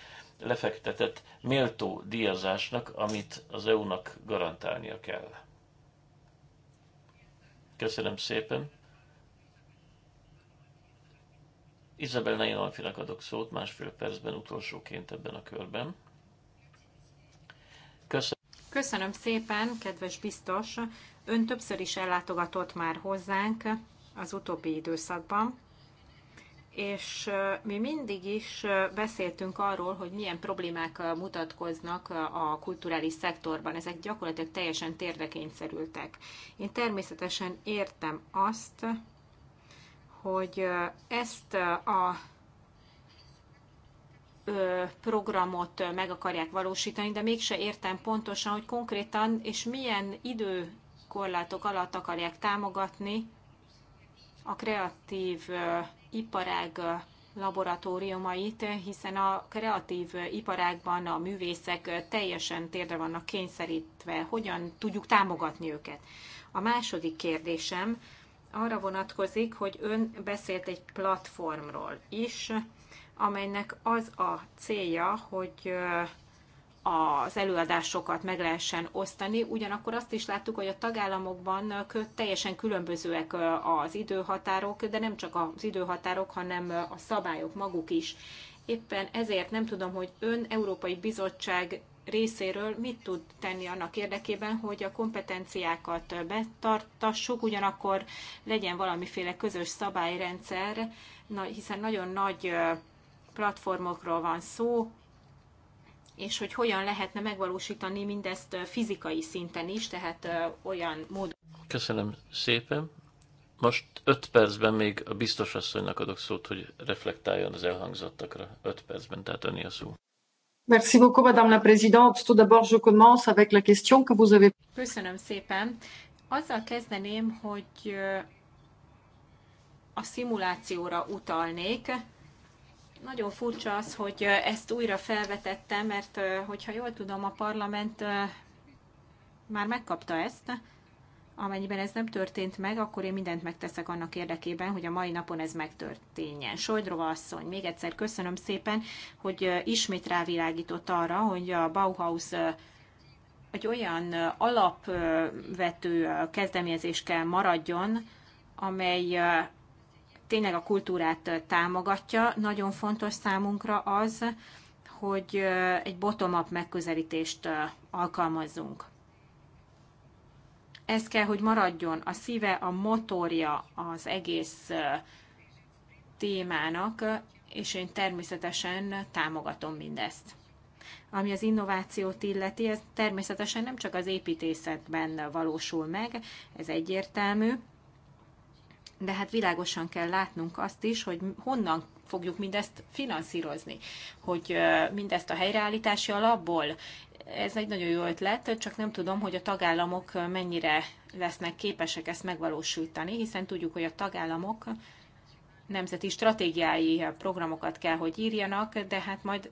lefektetett méltó díjazásnak, amit az EU-nak garantálnia kell. Köszönöm szépen! Izabel alfinak adok szót másfél percben utolsóként ebben a körben. Köszönöm. Köszönöm szépen, kedves biztos. Ön többször is ellátogatott már hozzánk az utóbbi időszakban, és mi mindig is beszéltünk arról, hogy milyen problémák mutatkoznak a kulturális szektorban. Ezek gyakorlatilag teljesen térdekényszerültek. Én természetesen értem azt, hogy ezt a programot meg akarják valósítani, de mégse értem pontosan, hogy konkrétan és milyen időkorlátok alatt akarják támogatni a kreatív iparág laboratóriumait, hiszen a kreatív iparágban a művészek teljesen térdre vannak kényszerítve, hogyan tudjuk támogatni őket. A második kérdésem arra vonatkozik, hogy ön beszélt egy platformról is, amelynek az a célja, hogy az előadásokat meg lehessen osztani. Ugyanakkor azt is láttuk, hogy a tagállamokban teljesen különbözőek az időhatárok, de nem csak az időhatárok, hanem a szabályok maguk is. Éppen ezért nem tudom, hogy ön Európai Bizottság részéről mit tud tenni annak érdekében, hogy a kompetenciákat betartassuk, ugyanakkor legyen valamiféle közös szabályrendszer, hiszen nagyon nagy platformokról van szó, és hogy hogyan lehetne megvalósítani mindezt fizikai szinten is, tehát olyan módon. Köszönöm szépen. Most öt percben még a biztos asszonynak adok szót, hogy reflektáljon az elhangzottakra. Öt percben, tehát öni a szó. Merci beaucoup, Madame la Présidente. Tout d'abord, je commence avec la question que vous avez. Köszönöm szépen. Azzal kezdeném, hogy a szimulációra utalnék. Nagyon furcsa az, hogy ezt újra felvetettem, mert hogyha jól tudom, a parlament már megkapta ezt, Amennyiben ez nem történt meg, akkor én mindent megteszek annak érdekében, hogy a mai napon ez megtörténjen. Sojdrova asszony, még egyszer köszönöm szépen, hogy ismét rávilágított arra, hogy a Bauhaus egy olyan alapvető kezdeményezés kell maradjon, amely tényleg a kultúrát támogatja. Nagyon fontos számunkra az, hogy egy bottom-up megközelítést alkalmazzunk. Ez kell, hogy maradjon a szíve, a motorja az egész témának, és én természetesen támogatom mindezt. Ami az innovációt illeti, ez természetesen nem csak az építészetben valósul meg, ez egyértelmű, de hát világosan kell látnunk azt is, hogy honnan fogjuk mindezt finanszírozni, hogy mindezt a helyreállítási alapból ez egy nagyon jó ötlet, csak nem tudom, hogy a tagállamok mennyire lesznek képesek ezt megvalósítani, hiszen tudjuk, hogy a tagállamok nemzeti stratégiái programokat kell, hogy írjanak, de hát majd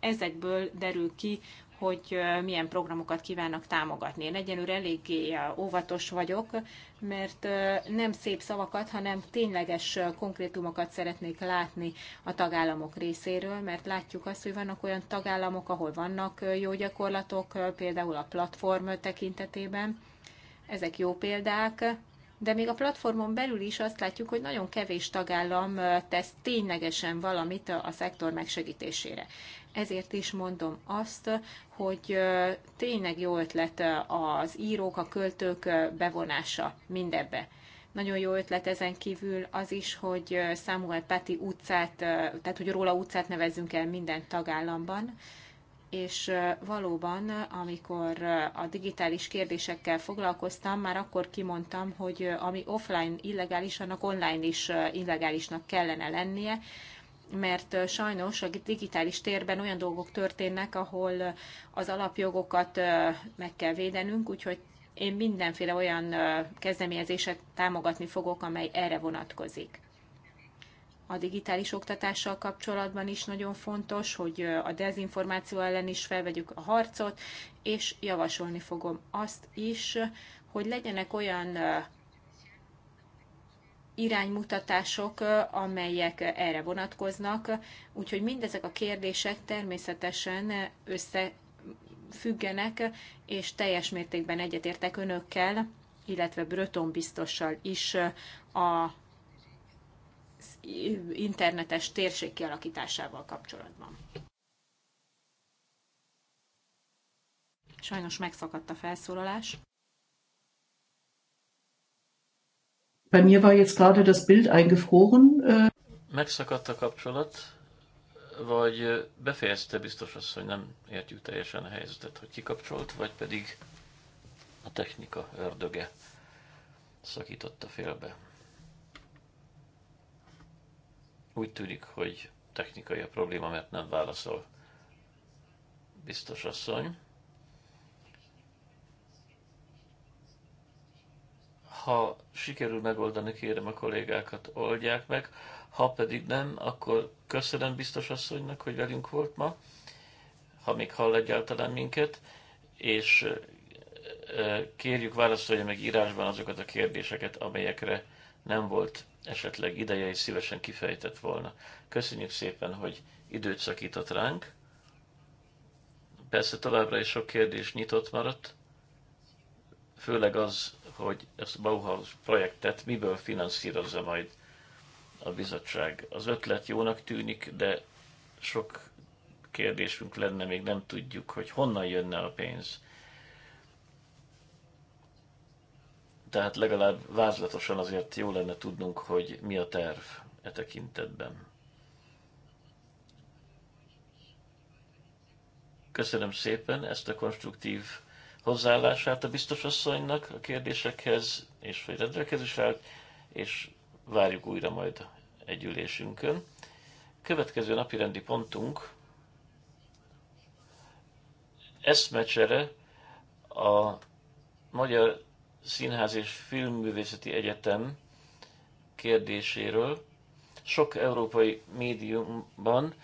ezekből derül ki, hogy milyen programokat kívánnak támogatni. Én egyenlőre eléggé óvatos vagyok, mert nem szép szavakat, hanem tényleges konkrétumokat szeretnék látni a tagállamok részéről, mert látjuk azt, hogy vannak olyan tagállamok, ahol vannak jó gyakorlatok, például a platform tekintetében. Ezek jó példák, de még a platformon belül is azt látjuk, hogy nagyon kevés tagállam tesz ténylegesen valamit a szektor megsegítésére. Ezért is mondom azt, hogy tényleg jó ötlet az írók, a költők bevonása mindebbe. Nagyon jó ötlet ezen kívül az is, hogy Samuel Peti utcát, tehát hogy róla utcát nevezzünk el minden tagállamban, és valóban, amikor a digitális kérdésekkel foglalkoztam, már akkor kimondtam, hogy ami offline illegális, annak online is illegálisnak kellene lennie, mert sajnos a digitális térben olyan dolgok történnek, ahol az alapjogokat meg kell védenünk, úgyhogy én mindenféle olyan kezdeményezéset támogatni fogok, amely erre vonatkozik a digitális oktatással kapcsolatban is nagyon fontos, hogy a dezinformáció ellen is felvegyük a harcot, és javasolni fogom azt is, hogy legyenek olyan iránymutatások, amelyek erre vonatkoznak, úgyhogy mindezek a kérdések természetesen összefüggenek, és teljes mértékben egyetértek önökkel, illetve Bröton biztossal is a internetes térség kialakításával kapcsolatban. Sajnos megszakadt a felszólalás. Bei mir war jetzt gerade das Bild eingefroren. Äh, megszakadt a kapcsolat, vagy befejezte biztos azt, hogy nem értjük teljesen a helyzetet, hogy kikapcsolt, vagy pedig a technika ördöge szakította félbe. Úgy tűnik, hogy technikai a probléma, mert nem válaszol. Biztos asszony. Ha sikerül megoldani, kérem a kollégákat, oldják meg. Ha pedig nem, akkor köszönöm biztos asszonynak, hogy velünk volt ma, ha még hall egyáltalán minket, és kérjük válaszolja meg írásban azokat a kérdéseket, amelyekre nem volt esetleg ideje is szívesen kifejtett volna. Köszönjük szépen, hogy időt szakított ránk. Persze továbbra is sok kérdés nyitott maradt, főleg az, hogy ezt a Bauhaus projektet miből finanszírozza majd a bizottság. Az ötlet jónak tűnik, de sok kérdésünk lenne, még nem tudjuk, hogy honnan jönne a pénz. tehát legalább vázlatosan azért jó lenne tudnunk, hogy mi a terv e tekintetben. Köszönöm szépen ezt a konstruktív hozzáállását a biztos asszonynak a kérdésekhez, és hogy rendelkezésre állt, és várjuk újra majd egy ülésünkön. Következő napi rendi pontunk eszmecsere a magyar Színház és Filmművészeti Egyetem kérdéséről. Sok európai médiumban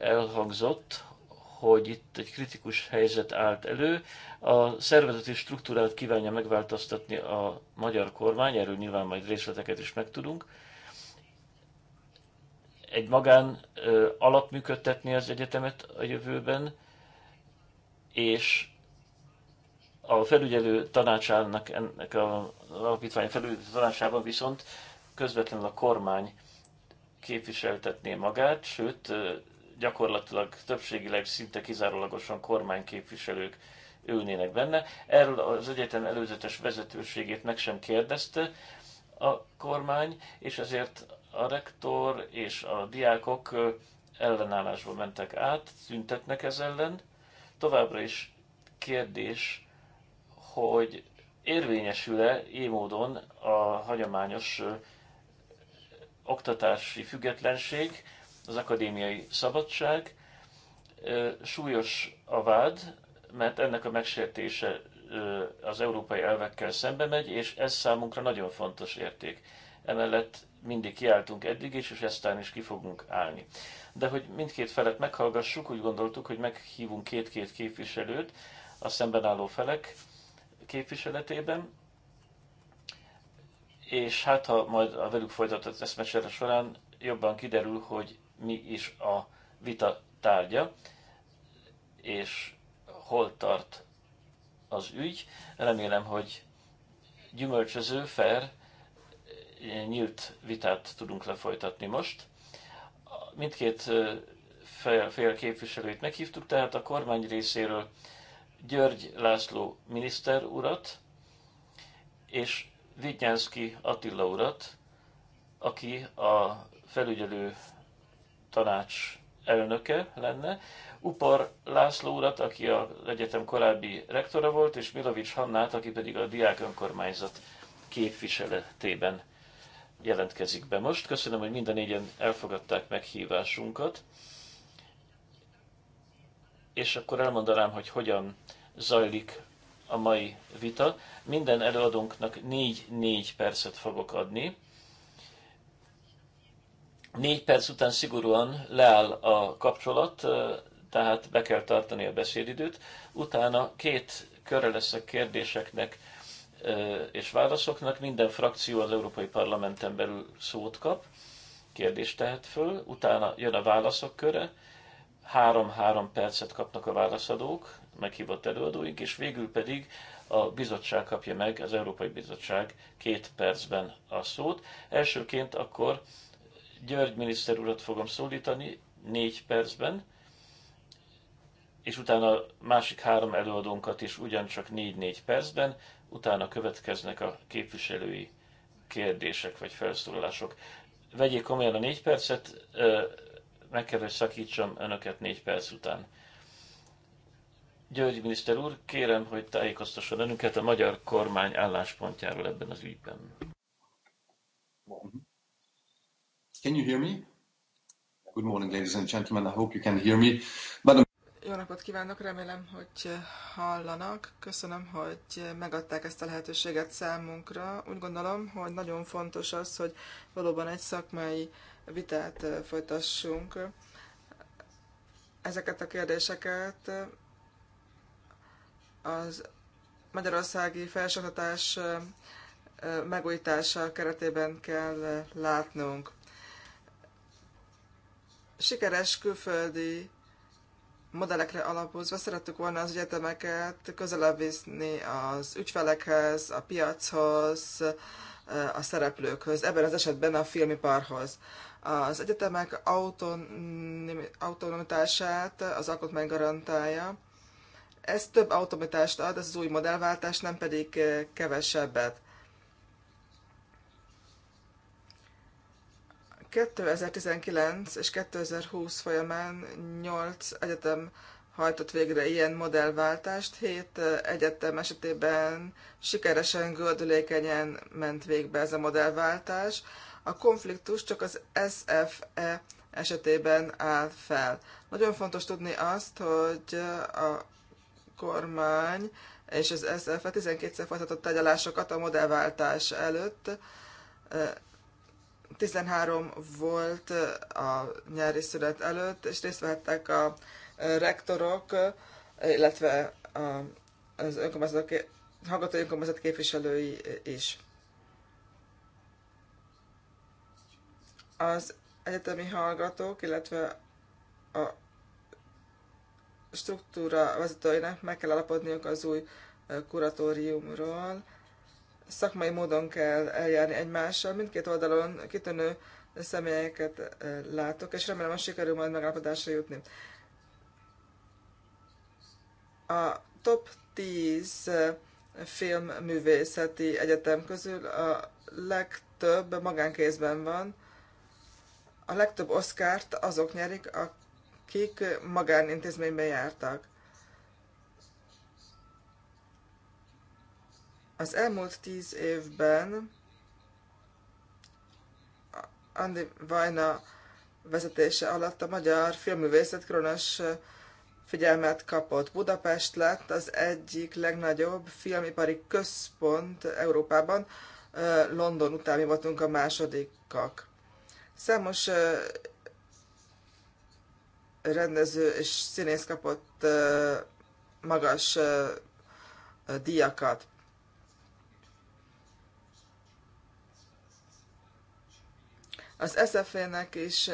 elhangzott, hogy itt egy kritikus helyzet állt elő. A szervezeti struktúrát kívánja megváltoztatni a magyar kormány, erről nyilván majd részleteket is megtudunk. Egy magán ö, alap működtetni az egyetemet a jövőben, és a felügyelő tanácsának, ennek a, alapítvány felügyelő tanácsában viszont közvetlenül a kormány képviseltetné magát, sőt, gyakorlatilag többségileg szinte kizárólagosan kormányképviselők ülnének benne. Erről az egyetem előzetes vezetőségét meg sem kérdezte a kormány, és ezért a rektor és a diákok ellenállásba mentek át, szüntetnek ez ellen. Továbbra is kérdés, hogy érvényesül-e így módon a hagyományos oktatási függetlenség, az akadémiai szabadság. Súlyos a vád, mert ennek a megsértése az európai elvekkel szembe megy, és ez számunkra nagyon fontos érték. Emellett mindig kiálltunk eddig is, és eztán is ki fogunk állni. De hogy mindkét felet meghallgassuk, úgy gondoltuk, hogy meghívunk két-két képviselőt, a szemben álló felek képviseletében, és hát ha majd a velük folytatott eszmecsere során jobban kiderül, hogy mi is a vita tárgya, és hol tart az ügy. Remélem, hogy gyümölcsöző, fair, nyílt vitát tudunk lefolytatni most. Mindkét fél, fél képviselőt meghívtuk, tehát a kormány részéről György László miniszter urat, és Vignyánszki Attila urat, aki a felügyelő tanács elnöke lenne, Upar László urat, aki az egyetem korábbi rektora volt, és Milovics Hannát, aki pedig a diák önkormányzat képviseletében jelentkezik be most. Köszönöm, hogy mind a négyen elfogadták meghívásunkat és akkor elmondanám, hogy hogyan zajlik a mai vita. Minden előadónknak 4-4 percet fogok adni. 4 perc után szigorúan leáll a kapcsolat, tehát be kell tartani a beszédidőt. Utána két körre lesz a kérdéseknek és válaszoknak. Minden frakció az Európai Parlamenten belül szót kap, kérdést tehet föl, utána jön a válaszok köre, három-három percet kapnak a válaszadók, meghívott előadóink, és végül pedig a bizottság kapja meg, az Európai Bizottság két percben a szót. Elsőként akkor György miniszter urat fogom szólítani négy percben, és utána a másik három előadónkat is ugyancsak négy-négy percben, utána következnek a képviselői kérdések vagy felszólalások. Vegyék komolyan a négy percet, meg kell, hogy szakítsam önöket négy perc után. György miniszter úr, kérem, hogy tájékoztasson önünket a magyar kormány álláspontjáról ebben az ügyben. Can you hear me? Good morning, ladies and gentlemen. I hope you can hear me. Madam... Jó napot kívánok, remélem, hogy hallanak. Köszönöm, hogy megadták ezt a lehetőséget számunkra. Úgy gondolom, hogy nagyon fontos az, hogy valóban egy szakmai uh, vitát folytassunk. Ezeket a kérdéseket az magyarországi felsőoktatás megújítása keretében kell látnunk. Sikeres külföldi modellekre alapozva szerettük volna az egyetemeket közelebb viszni az ügyfelekhez, a piachoz, eh, a szereplőkhöz, ebben az esetben a filmiparhoz. Az egyetemek autonomitását az alkotmány garantálja. Ez több autonomitást ad, ez az új modellváltás, nem pedig eh, kevesebbet. 2019 és 2020 folyamán 8 egyetem hajtott végre ilyen modellváltást, 7 egyetem esetében sikeresen, gördülékenyen ment végbe ez a modellváltás. A konfliktus csak az SFE esetében áll fel. Nagyon fontos tudni azt, hogy a kormány és az SFE 12-szer folytatott tegyalásokat a modellváltás előtt, 13 volt a nyári szület előtt, és részt vehettek a rektorok, illetve az önkormányzat, hallgatói önkormányzat képviselői is. Az egyetemi hallgatók, illetve a struktúra vezetőinek meg kell alapodniuk az új kuratóriumról, szakmai módon kell eljárni egymással. Mindkét oldalon kitűnő személyeket látok, és remélem, hogy sikerül majd megállapodásra jutni. A top 10 filmművészeti egyetem közül a legtöbb magánkézben van. A legtöbb oszkárt azok nyerik, akik magánintézményben jártak. Az elmúlt tíz évben Andi Vajna vezetése alatt a magyar filmművészet kronos figyelmet kapott. Budapest lett az egyik legnagyobb filmipari központ Európában, London után mi voltunk a másodikak. Számos rendező és színész kapott magas díjakat. Az SZF-nek is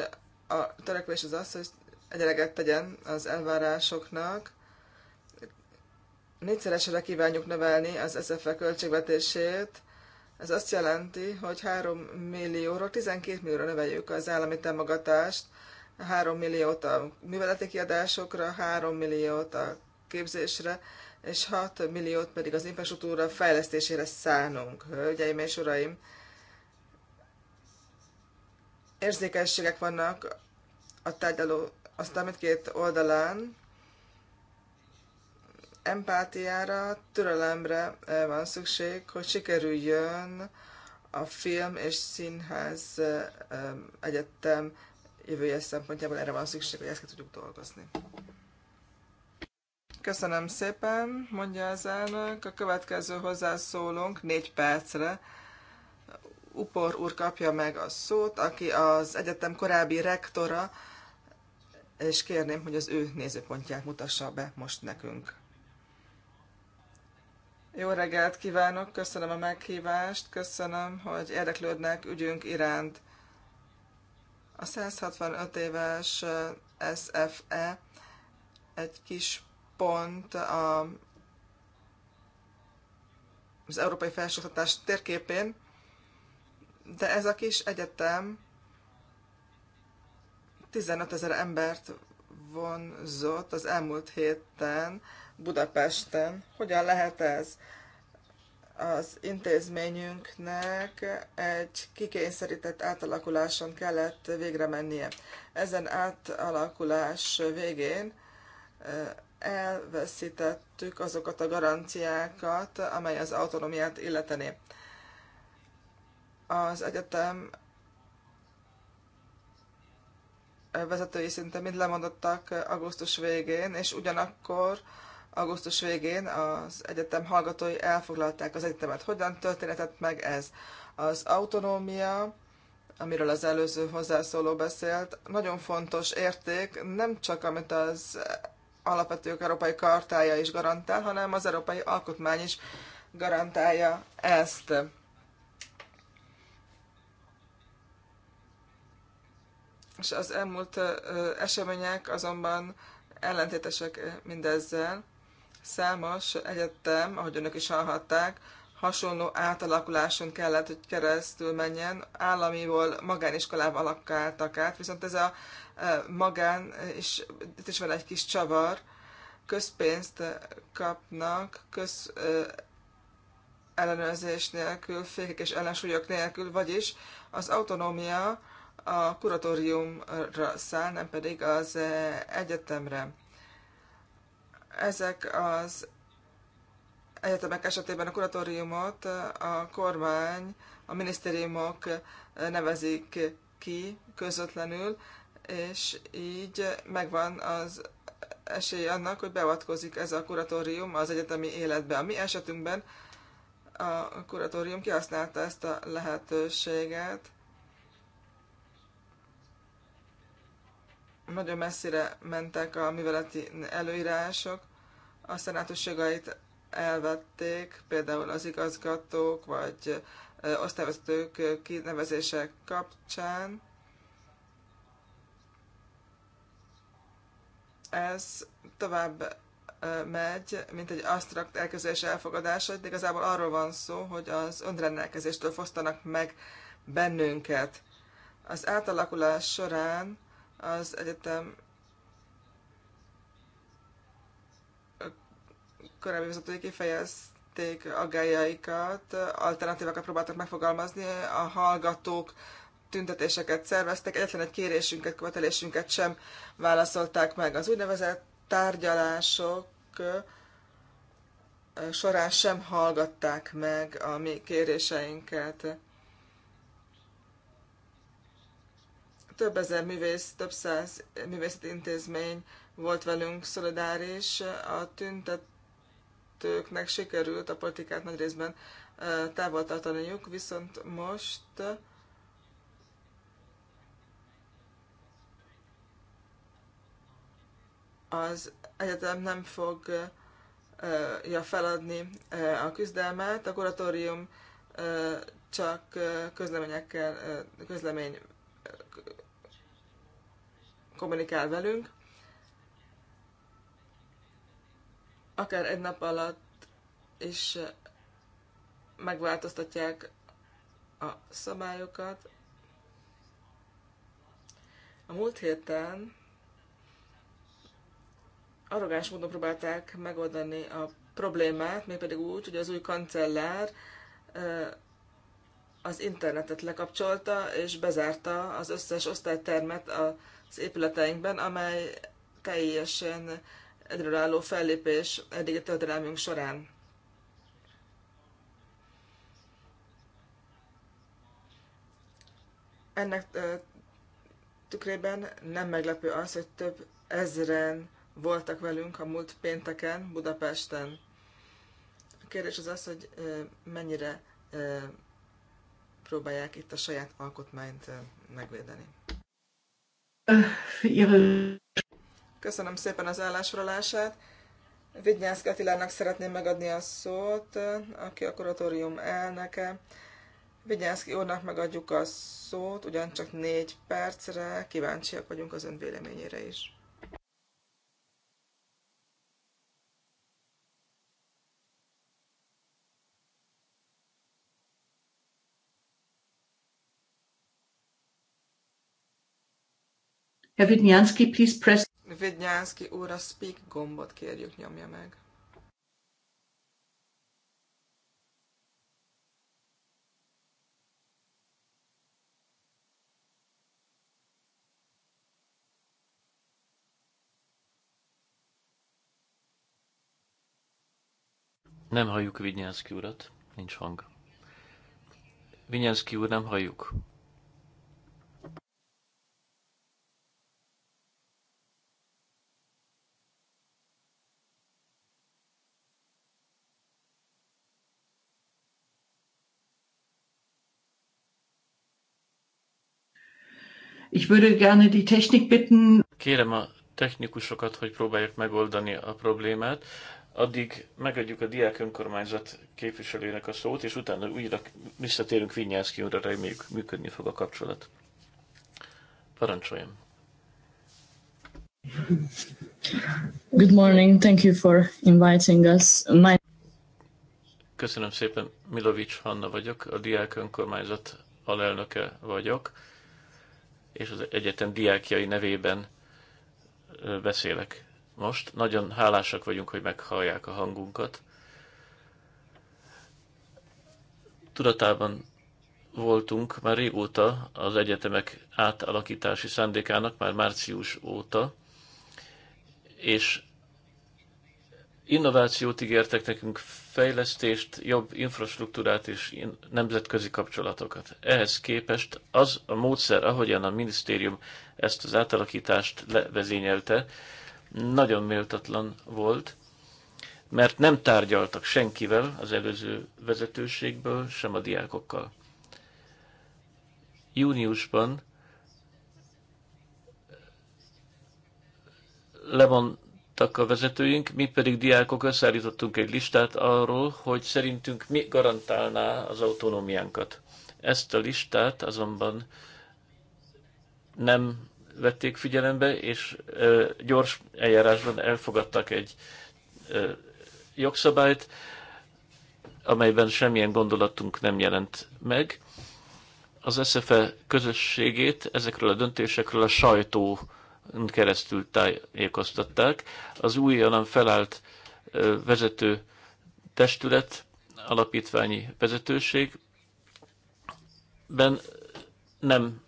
a törekvés az az, hogy egyeleget tegyen az elvárásoknak. Négyszeresre kívánjuk növelni az SZF e költségvetését. Ez azt jelenti, hogy 3 millióról 12 millióra növeljük az állami támogatást, 3 milliót a műveleti kiadásokra, 3 milliót a képzésre, és 6 milliót pedig az infrastruktúra fejlesztésére szánunk. Hölgyeim és uraim, érzékenységek vannak a tárgyaló aztán mindkét oldalán. Empátiára, türelemre eh, van szükség, hogy sikerüljön a film és színház eh, egyetem jövője szempontjából erre van szükség, hogy ezt ki tudjuk dolgozni. Köszönöm szépen, mondja az elnök. A következő hozzászólunk négy percre Upor úr kapja meg a szót, aki az egyetem korábbi rektora, és kérném, hogy az ő nézőpontját mutassa be most nekünk. Jó reggelt kívánok, köszönöm a meghívást, köszönöm, hogy érdeklődnek ügyünk iránt. A 165 éves eh, SFE egy kis pont a, az európai felsőoktatás térképén, de ez a kis egyetem 15 ezer embert vonzott az elmúlt héten Budapesten. Hogyan lehet ez? Az intézményünknek egy kikényszerített átalakuláson kellett végre mennie. Ezen átalakulás végén eh, elveszítettük azokat a garanciákat, amely az autonómiát illetené az egyetem vezetői szinte mind lemondottak augusztus végén, és ugyanakkor augusztus végén az egyetem hallgatói elfoglalták az egyetemet. Hogyan történetett meg ez? Az autonómia, amiről az előző hozzászóló beszélt, nagyon fontos érték, nem csak amit az alapvető európai kartája is garantál, hanem az európai alkotmány is garantálja ezt. És az elmúlt események azonban ellentétesek mindezzel. Számos egyetem, ahogy önök is hallhatták, hasonló átalakuláson kellett, hogy keresztül menjen. Államiból magániskolába alakáltak át, viszont ez a magán, és itt is van egy kis csavar, közpénzt kapnak, köz ellenőrzés nélkül, fékek és ellensúlyok nélkül, vagyis az autonómia a kuratóriumra száll, nem pedig az eh, egyetemre. Ezek az egyetemek esetében a kuratóriumot eh, a kormány, a minisztériumok eh, nevezik ki közvetlenül, és így megvan az esély annak, hogy beavatkozik ez a kuratórium az egyetemi életbe. A mi esetünkben a kuratórium kihasználta ezt a lehetőséget, nagyon messzire mentek a műveleti előírások, a szenátus elvették, például az igazgatók vagy osztályvezetők kinevezése kapcsán. Ez tovább megy, mint egy asztrakt elképzelés elfogadása, de igazából arról van szó, hogy az önrendelkezéstől fosztanak meg bennünket. Az átalakulás során az egyetem korábbi vezetői kifejezték aggájaikat, alternatívákat próbáltak megfogalmazni, a hallgatók tüntetéseket szerveztek, egyetlen egy kérésünket, követelésünket sem válaszolták meg. Az úgynevezett tárgyalások eh, során sem hallgatták meg a mi kéréseinket. több ezer művész, több száz művészeti intézmény volt velünk szolidáris. A tüntetőknek sikerült a politikát nagy részben távol tartaniuk, viszont most az egyetem nem fog ja, feladni a küzdelmet, a kuratórium csak közleményekkel, közlemény kommunikál velünk, akár egy nap alatt is megváltoztatják a szabályokat. A múlt héten arrogáns módon próbálták megoldani a problémát, mégpedig úgy, hogy az új kancellár az internetet lekapcsolta és bezárta az összes osztálytermet a az épületeinkben, amely teljesen egyreálló fellépés a történelmünk során. Ennek tükrében nem meglepő az, hogy több ezeren voltak velünk a múlt pénteken Budapesten. A kérdés az az, hogy mennyire próbálják itt a saját alkotmányt megvédeni für Ihre... Köszönöm szépen az állásfoglalását. Vignyászki Katilának szeretném megadni a szót, aki a kuratórium elnöke. Vignyászki úrnak megadjuk a szót, ugyancsak négy percre. Kíváncsiak vagyunk az ön véleményére is. Herr Vidnyansky, please press... Vidnyansky úr, a speak gombot kérjük nyomja meg. Nem halljuk Vinyánszki urat, nincs hang. Vinyánszki úr, nem halljuk. Ich würde gerne die Technik bitten. Kérem a technikusokat, hogy próbálják megoldani a problémát. Addig megadjuk a diák önkormányzat képviselőnek a szót, és utána újra visszatérünk Vinyánszki úrra, reméljük működni fog a kapcsolat. Parancsoljam. Good morning, thank you for inviting us. My... Köszönöm szépen, Milovics Hanna vagyok, a diák önkormányzat alelnöke vagyok és az egyetem diákjai nevében beszélek most. Nagyon hálásak vagyunk, hogy meghallják a hangunkat. Tudatában voltunk már régóta az egyetemek átalakítási szándékának, már március óta, és Innovációt ígértek nekünk, fejlesztést, jobb infrastruktúrát és nemzetközi kapcsolatokat. Ehhez képest az a módszer, ahogyan a minisztérium ezt az átalakítást levezényelte, nagyon méltatlan volt, mert nem tárgyaltak senkivel az előző vezetőségből, sem a diákokkal. Júniusban lemond, a vezetőink, mi pedig diákok összeállítottunk egy listát arról, hogy szerintünk mi garantálná az autonómiánkat. Ezt a listát azonban nem vették figyelembe, és ö, gyors eljárásban elfogadtak egy ö, jogszabályt, amelyben semmilyen gondolatunk nem jelent meg. Az SZFE közösségét ezekről a döntésekről a sajtó keresztül tájékoztatták. Az újonnan felállt vezető testület, alapítványi vezetőségben nem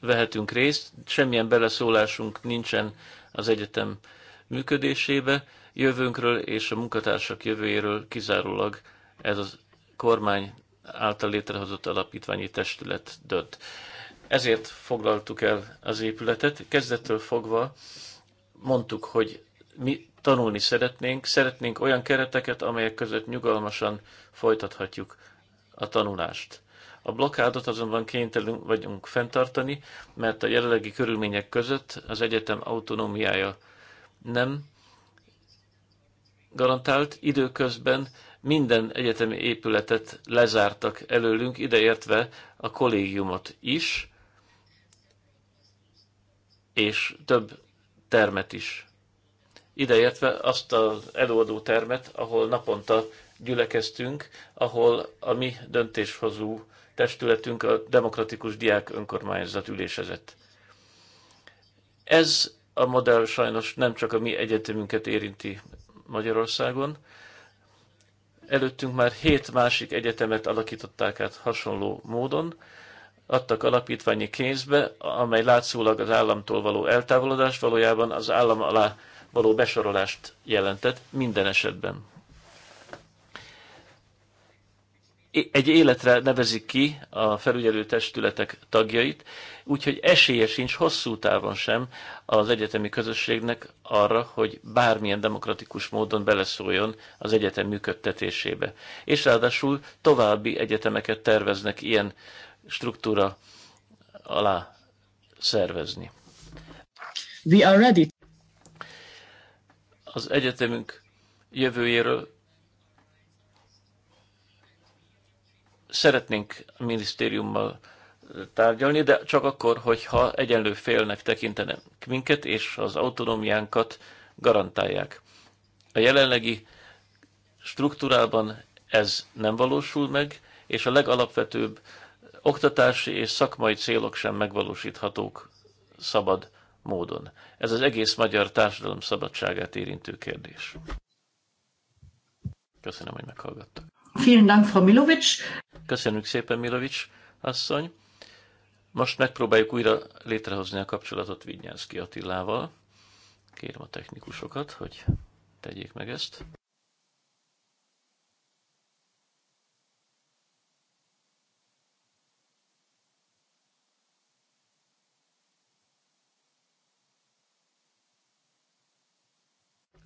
vehetünk részt, semmilyen beleszólásunk nincsen az egyetem működésébe, jövőnkről és a munkatársak jövőjéről kizárólag ez a kormány által létrehozott alapítványi testület dönt. Ezért foglaltuk el az épületet. Kezdettől fogva mondtuk, hogy mi tanulni szeretnénk, szeretnénk olyan kereteket, amelyek között nyugalmasan folytathatjuk a tanulást. A blokkádot azonban kénytelen vagyunk fenntartani, mert a jelenlegi körülmények között az egyetem autonómiája nem garantált. Időközben minden egyetemi épületet lezártak előlünk, ideértve a kollégiumot is, és több termet is. Ideértve azt az előadó termet, ahol naponta gyülekeztünk, ahol a mi döntéshozó testületünk a Demokratikus Diák Önkormányzat ülésezett. Ez a modell sajnos nem csak a mi egyetemünket érinti Magyarországon. Előttünk már hét másik egyetemet alakították át hasonló módon, adtak alapítványi kézbe, amely látszólag az államtól való eltávolodás valójában az állam alá való besorolást jelentett minden esetben. Egy életre nevezik ki a felügyelő testületek tagjait, úgyhogy esélye sincs hosszú távon sem az egyetemi közösségnek arra, hogy bármilyen demokratikus módon beleszóljon az egyetem működtetésébe. És ráadásul további egyetemeket terveznek ilyen struktúra alá szervezni. We are ready. Az egyetemünk jövőjéről szeretnénk a minisztériummal tárgyalni, de csak akkor, hogyha egyenlő félnek tekintenek minket, és az autonómiánkat garantálják. A jelenlegi struktúrában ez nem valósul meg, és a legalapvetőbb oktatási és szakmai célok sem megvalósíthatók szabad módon. Ez az egész magyar társadalom szabadságát érintő kérdés. Köszönöm, hogy meghallgattak. Vielen Dank, Frau Milovic. Köszönjük szépen, Milovic asszony. Most megpróbáljuk újra létrehozni a kapcsolatot Vinyánszki Attilával. Kérem a technikusokat, hogy tegyék meg ezt.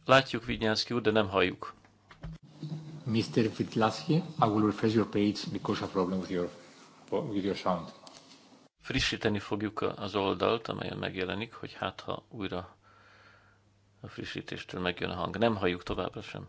Látjuk Vignyánszki úr, de nem halljuk. Mr. Fitlaski, I will refresh your page because of problem with your, with your sound. Frissíteni fogjuk az oldalt, amelyen megjelenik, hogy hát ha újra a frissítéstől megjön a hang. Nem halljuk továbbra sem.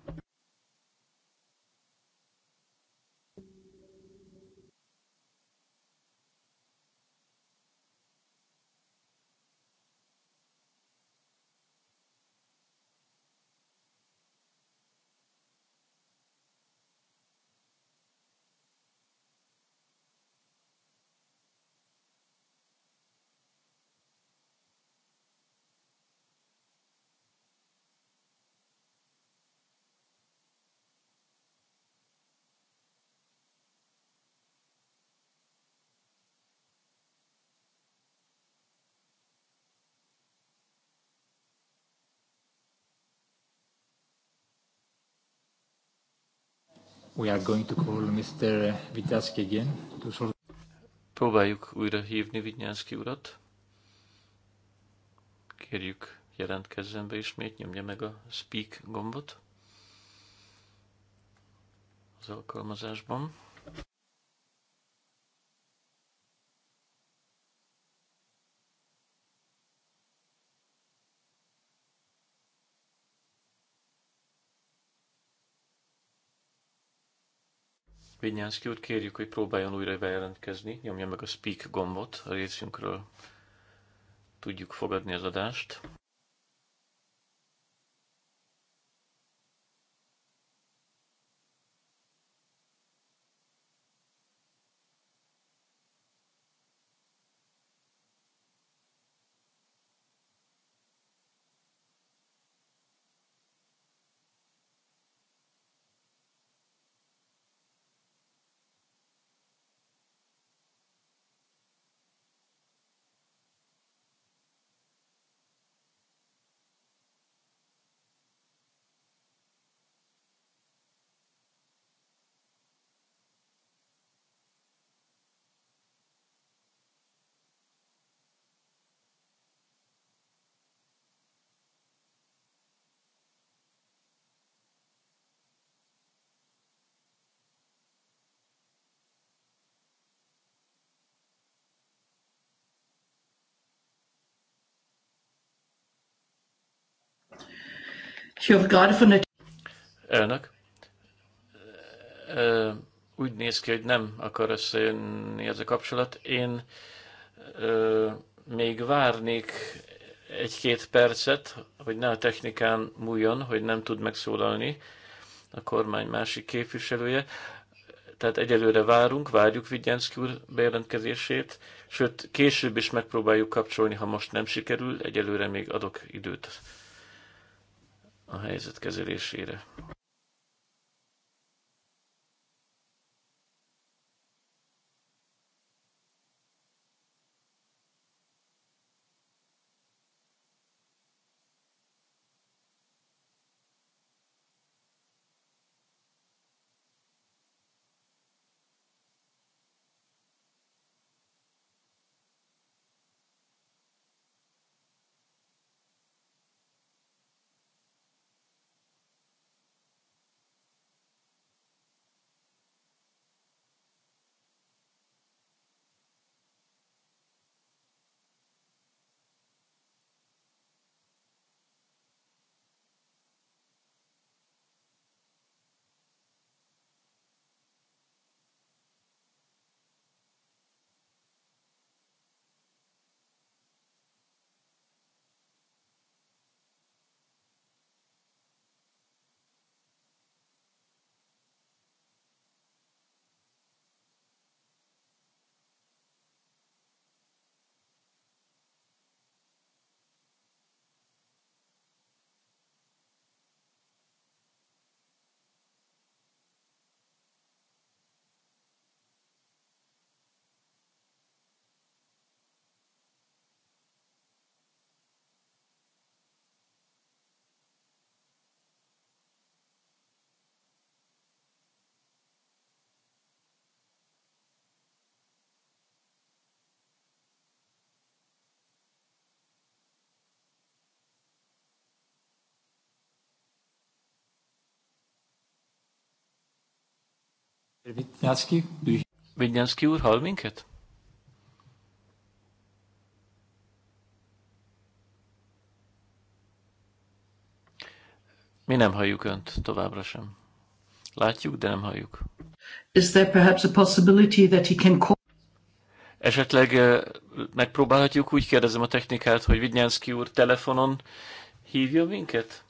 We are going to call Mr. again. To sort... Próbáljuk újra hívni Vigyászki urat. Kérjük, jelentkezzen be ismét, nyomja meg a speak gombot az alkalmazásban. Vinyánszki úr, kérjük, hogy próbáljon újra bejelentkezni, nyomja meg a speak gombot a részünkről. Tudjuk fogadni az adást. Ich Elnök. Úgy néz ki, hogy nem akar összejönni ez a kapcsolat. Én még várnék egy-két percet, hogy ne a technikán múljon, hogy nem tud megszólalni a kormány másik képviselője. Tehát egyelőre várunk, várjuk Vigyenszki úr bejelentkezését, sőt, később is megpróbáljuk kapcsolni, ha most nem sikerül, egyelőre még adok időt a helyzet kezelésére. Vitnyánszki, Vitnyánszki úr hall minket? Mi nem halljuk önt továbbra sem. Látjuk, de nem halljuk. Is there perhaps a possibility that he can call... Esetleg eh, megpróbálhatjuk, úgy kérdezem a technikát, hogy Vidnyánszki úr telefonon hívja minket?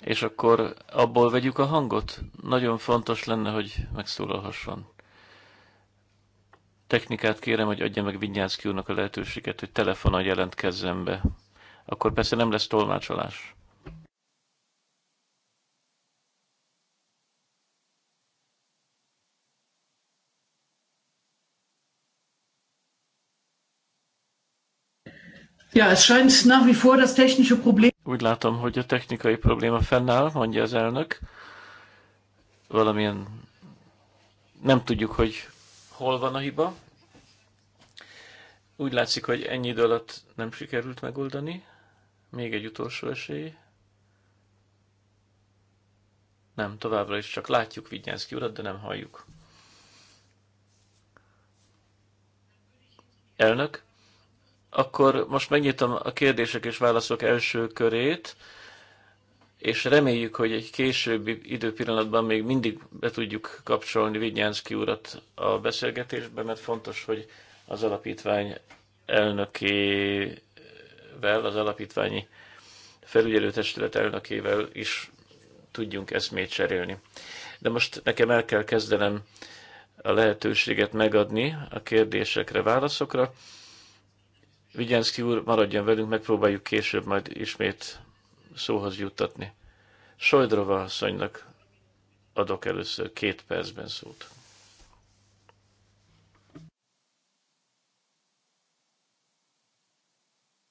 és akkor abból vegyük a hangot. Nagyon fontos lenne, hogy megszólalhasson. Technikát kérem, hogy adja meg Vinyánszki úrnak a lehetőséget, hogy telefonon jelentkezzen be. Akkor persze nem lesz tolmácsolás. Ja, es scheint nach wie vor das technische Problem. Úgy látom, hogy a technikai probléma fennáll, mondja az elnök. Valamilyen nem tudjuk, hogy hol van a hiba. Úgy látszik, hogy ennyi idő alatt nem sikerült megoldani. Még egy utolsó esély. Nem, továbbra is csak látjuk Vigyánszki urat, de nem halljuk. Elnök, akkor most megnyitom a kérdések és válaszok első körét, és reméljük, hogy egy későbbi időpillanatban még mindig be tudjuk kapcsolni Vignyánszki urat a beszélgetésbe, mert fontos, hogy az alapítvány elnökével, az alapítványi felügyelőtestület elnökével is tudjunk eszmét cserélni. De most nekem el kell kezdenem a lehetőséget megadni a kérdésekre, válaszokra. Vigyenszki úr, maradjon velünk, megpróbáljuk később majd ismét szóhoz juttatni. Sojdrova asszonynak adok először két percben szót.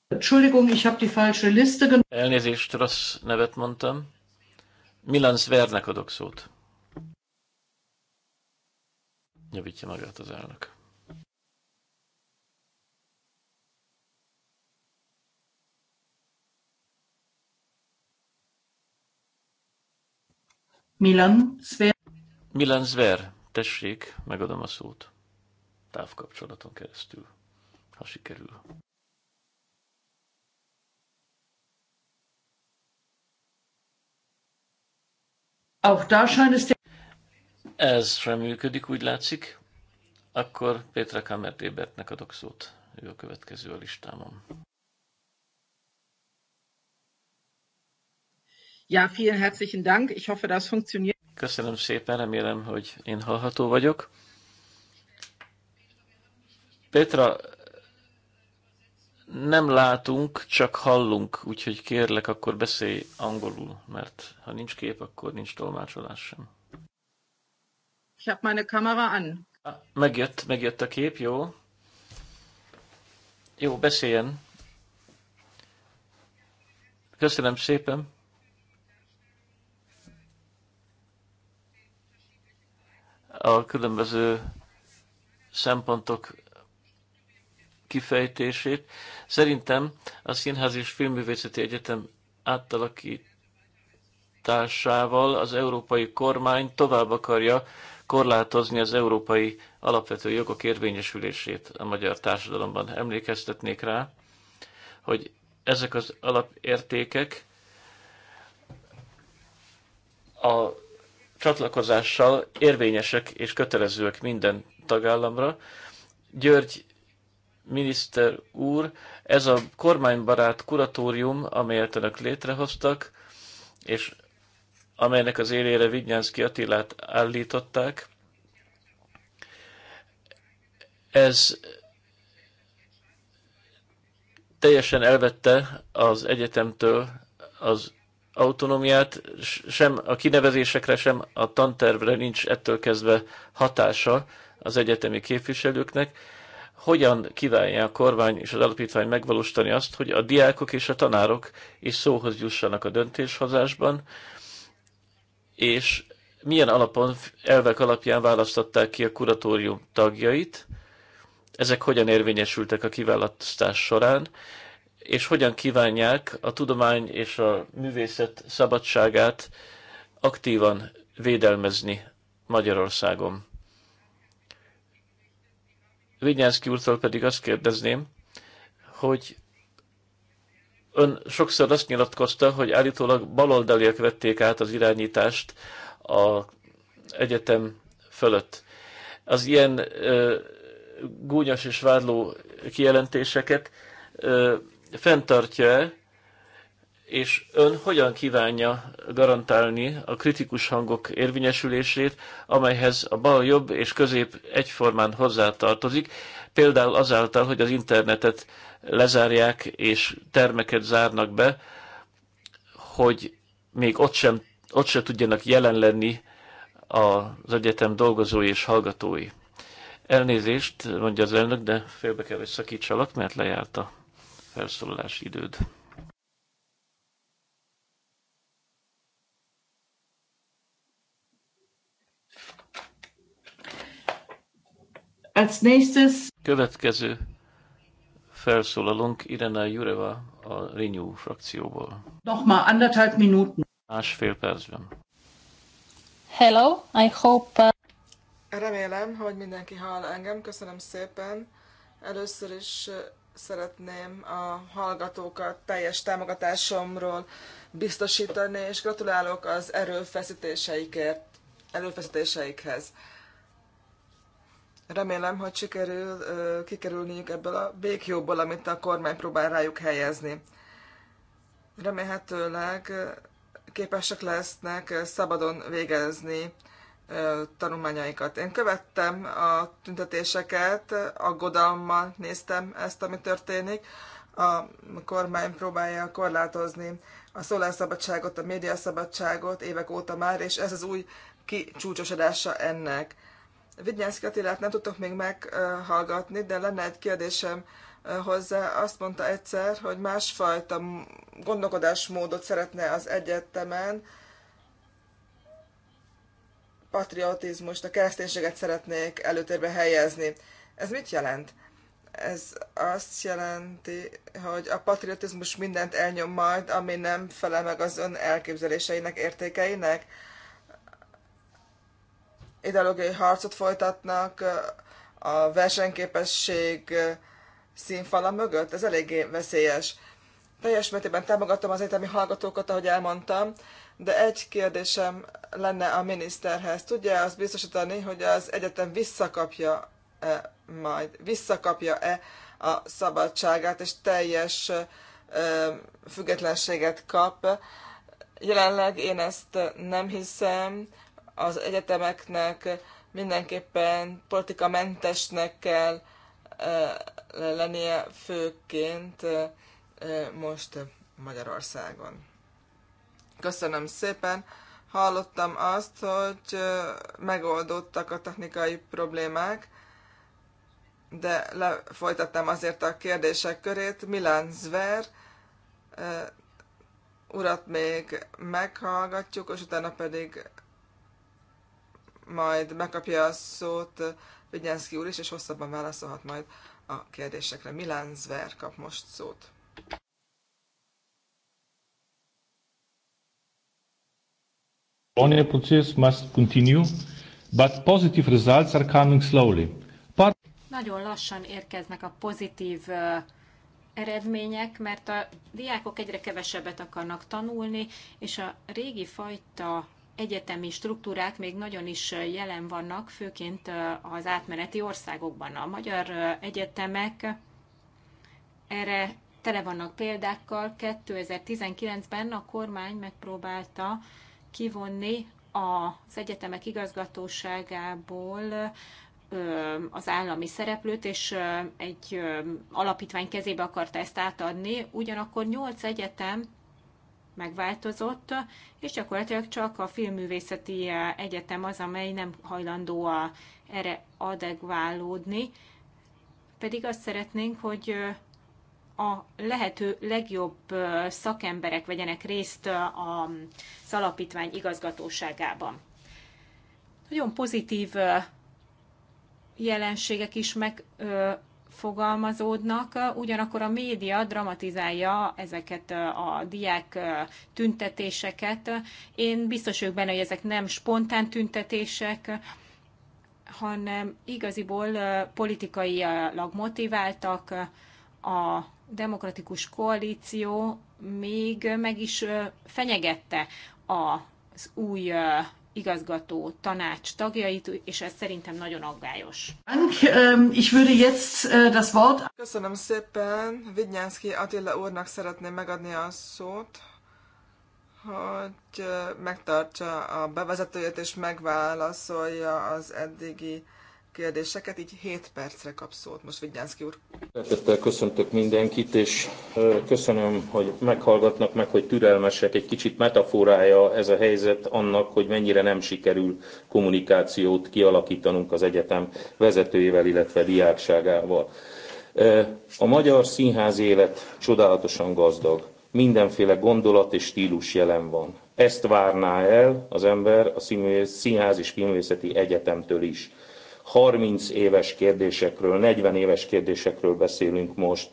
Entschuldigung, ich habe die falsche Liste Elnézést, rossz nevet mondtam. Milan Svernek adok szót. Javítja magát az elnök. Milan Zver. Milan Zver, tessék, megadom a szót. Távkapcsolaton keresztül, ha sikerül. Auch da scheint es ez sem működik, úgy látszik. Akkor Pétra Kamert Ébertnek adok szót. Ő a következő a listámon. Ja, vielen herzlichen Dank. Ich hoffe, das funktioniert. Köszönöm szépen, remélem, hogy én hallható vagyok. Petra, nem látunk, csak hallunk, úgyhogy kérlek, akkor beszélj angolul, mert ha nincs kép, akkor nincs tolmácsolás sem. Ich habe meine Kamera an. Ah, megjött, megjött a kép, jó. Jó, beszéljen. Köszönöm szépen. a különböző szempontok kifejtését. Szerintem a Színház és Filmművészeti Egyetem átalakításával az európai kormány tovább akarja korlátozni az európai alapvető jogok érvényesülését a magyar társadalomban. Emlékeztetnék rá, hogy ezek az alapértékek a csatlakozással érvényesek és kötelezőek minden tagállamra. György miniszter úr, ez a kormánybarát kuratórium, amelyet önök létrehoztak, és amelynek az élére Vignyánszki Attilát állították, ez teljesen elvette az egyetemtől az autonómiát, sem a kinevezésekre, sem a tantervre nincs ettől kezdve hatása az egyetemi képviselőknek. Hogyan kívánja a kormány és az alapítvány megvalósítani azt, hogy a diákok és a tanárok is szóhoz jussanak a döntéshozásban, és milyen alapon, elvek alapján választották ki a kuratórium tagjait, ezek hogyan érvényesültek a kiválasztás során, és hogyan kívánják a tudomány és a művészet szabadságát aktívan védelmezni Magyarországon. Vinyánszki úrtól pedig azt kérdezném, hogy ön sokszor azt nyilatkozta, hogy állítólag baloldaliak vették át az irányítást az egyetem fölött. Az ilyen ö, gúnyos és vádló kijelentéseket ö, fenntartja-e, és ön hogyan kívánja garantálni a kritikus hangok érvényesülését, amelyhez a bal, jobb és közép egyformán hozzátartozik, például azáltal, hogy az internetet lezárják és termeket zárnak be, hogy még ott sem, ott sem tudjanak jelen lenni az egyetem dolgozói és hallgatói. Elnézést, mondja az elnök, de félbe kell, hogy szakítsalak, mert lejárt a felszólalási időd. Következő felszólalunk Irena Jureva a Renew frakcióból. Nochmal anderthalb Minuten. Másfél percben. Hello, I hope... Uh, Remélem, hogy mindenki hall engem. Köszönöm szépen. Először is szeretném a hallgatókat teljes támogatásomról biztosítani, és gratulálok az erőfeszítéseikért, erőfeszítéseikhez. Remélem, hogy sikerül kikerülniük ebből a békjóból, amit a kormány próbál rájuk helyezni. Remélhetőleg képesek lesznek szabadon végezni tanulmányaikat. Én követtem a tüntetéseket, aggodalommal néztem ezt, ami történik. A kormány próbálja korlátozni a szólásszabadságot, a médiaszabadságot évek óta már, és ez az új kicsúcsosodása ennek. Vigyánszki Attilát nem tudtok még meghallgatni, de lenne egy kérdésem hozzá. Azt mondta egyszer, hogy másfajta gondolkodásmódot szeretne az egyetemen, patriotizmust, a kereszténységet szeretnék előtérbe helyezni. Ez mit jelent? Ez azt jelenti, hogy a patriotizmus mindent elnyom majd, ami nem felel meg az ön elképzeléseinek, értékeinek. Ideológiai harcot folytatnak a versenyképesség színfala mögött. Ez eléggé veszélyes teljes mértékben támogatom az egyetemi hallgatókat, ahogy elmondtam, de egy kérdésem lenne a miniszterhez. Tudja azt biztosítani, hogy az egyetem visszakapja -e majd, visszakapja-e a szabadságát, és teljes függetlenséget kap. Jelenleg én ezt nem hiszem, az egyetemeknek mindenképpen politikamentesnek kell lennie főként most Magyarországon. Köszönöm szépen! Hallottam azt, hogy megoldódtak a technikai problémák, de lefolytattam azért a kérdések körét. Milán Zver urat még meghallgatjuk, és utána pedig majd megkapja a szót Vigyánszki úr is, és hosszabban válaszolhat majd a kérdésekre. Milán Zver kap most szót. Bologna process must continue, but positive results are coming slowly. Part Nagyon lassan érkeznek a pozitív eredmények, mert a diákok egyre kevesebbet akarnak tanulni, és a régi fajta egyetemi struktúrák még nagyon is jelen vannak, főként az átmeneti országokban. A magyar egyetemek erre tele vannak példákkal. 2019-ben a kormány megpróbálta kivonni az egyetemek igazgatóságából az állami szereplőt, és egy alapítvány kezébe akarta ezt átadni. Ugyanakkor nyolc egyetem megváltozott, és gyakorlatilag csak a filmművészeti egyetem az, amely nem hajlandó erre adekválódni. Pedig azt szeretnénk, hogy a lehető legjobb szakemberek vegyenek részt az alapítvány igazgatóságában. Nagyon pozitív jelenségek is megfogalmazódnak, ugyanakkor a média dramatizálja ezeket a diák tüntetéseket. Én biztos vagyok benne, hogy ezek nem spontán tüntetések, hanem igaziból politikailag motiváltak, a demokratikus koalíció még meg is fenyegette az új igazgató tanács tagjait, és ez szerintem nagyon aggályos. Ähm, äh, Köszönöm szépen, Vidnyánszki Attila úrnak szeretném megadni a szót, hogy megtartsa a bevezetőjét és megválaszolja az eddigi kérdéseket, így 7 percre kap szót. Most Vigyánszki úr. Szeretettel köszöntök mindenkit, és köszönöm, hogy meghallgatnak meg, hogy türelmesek. Egy kicsit metaforája ez a helyzet annak, hogy mennyire nem sikerül kommunikációt kialakítanunk az egyetem vezetőjével, illetve diákságával. A magyar színház élet csodálatosan gazdag. Mindenféle gondolat és stílus jelen van. Ezt várná el az ember a Színház és Filmvészeti Egyetemtől is. 30 éves kérdésekről, 40 éves kérdésekről beszélünk most.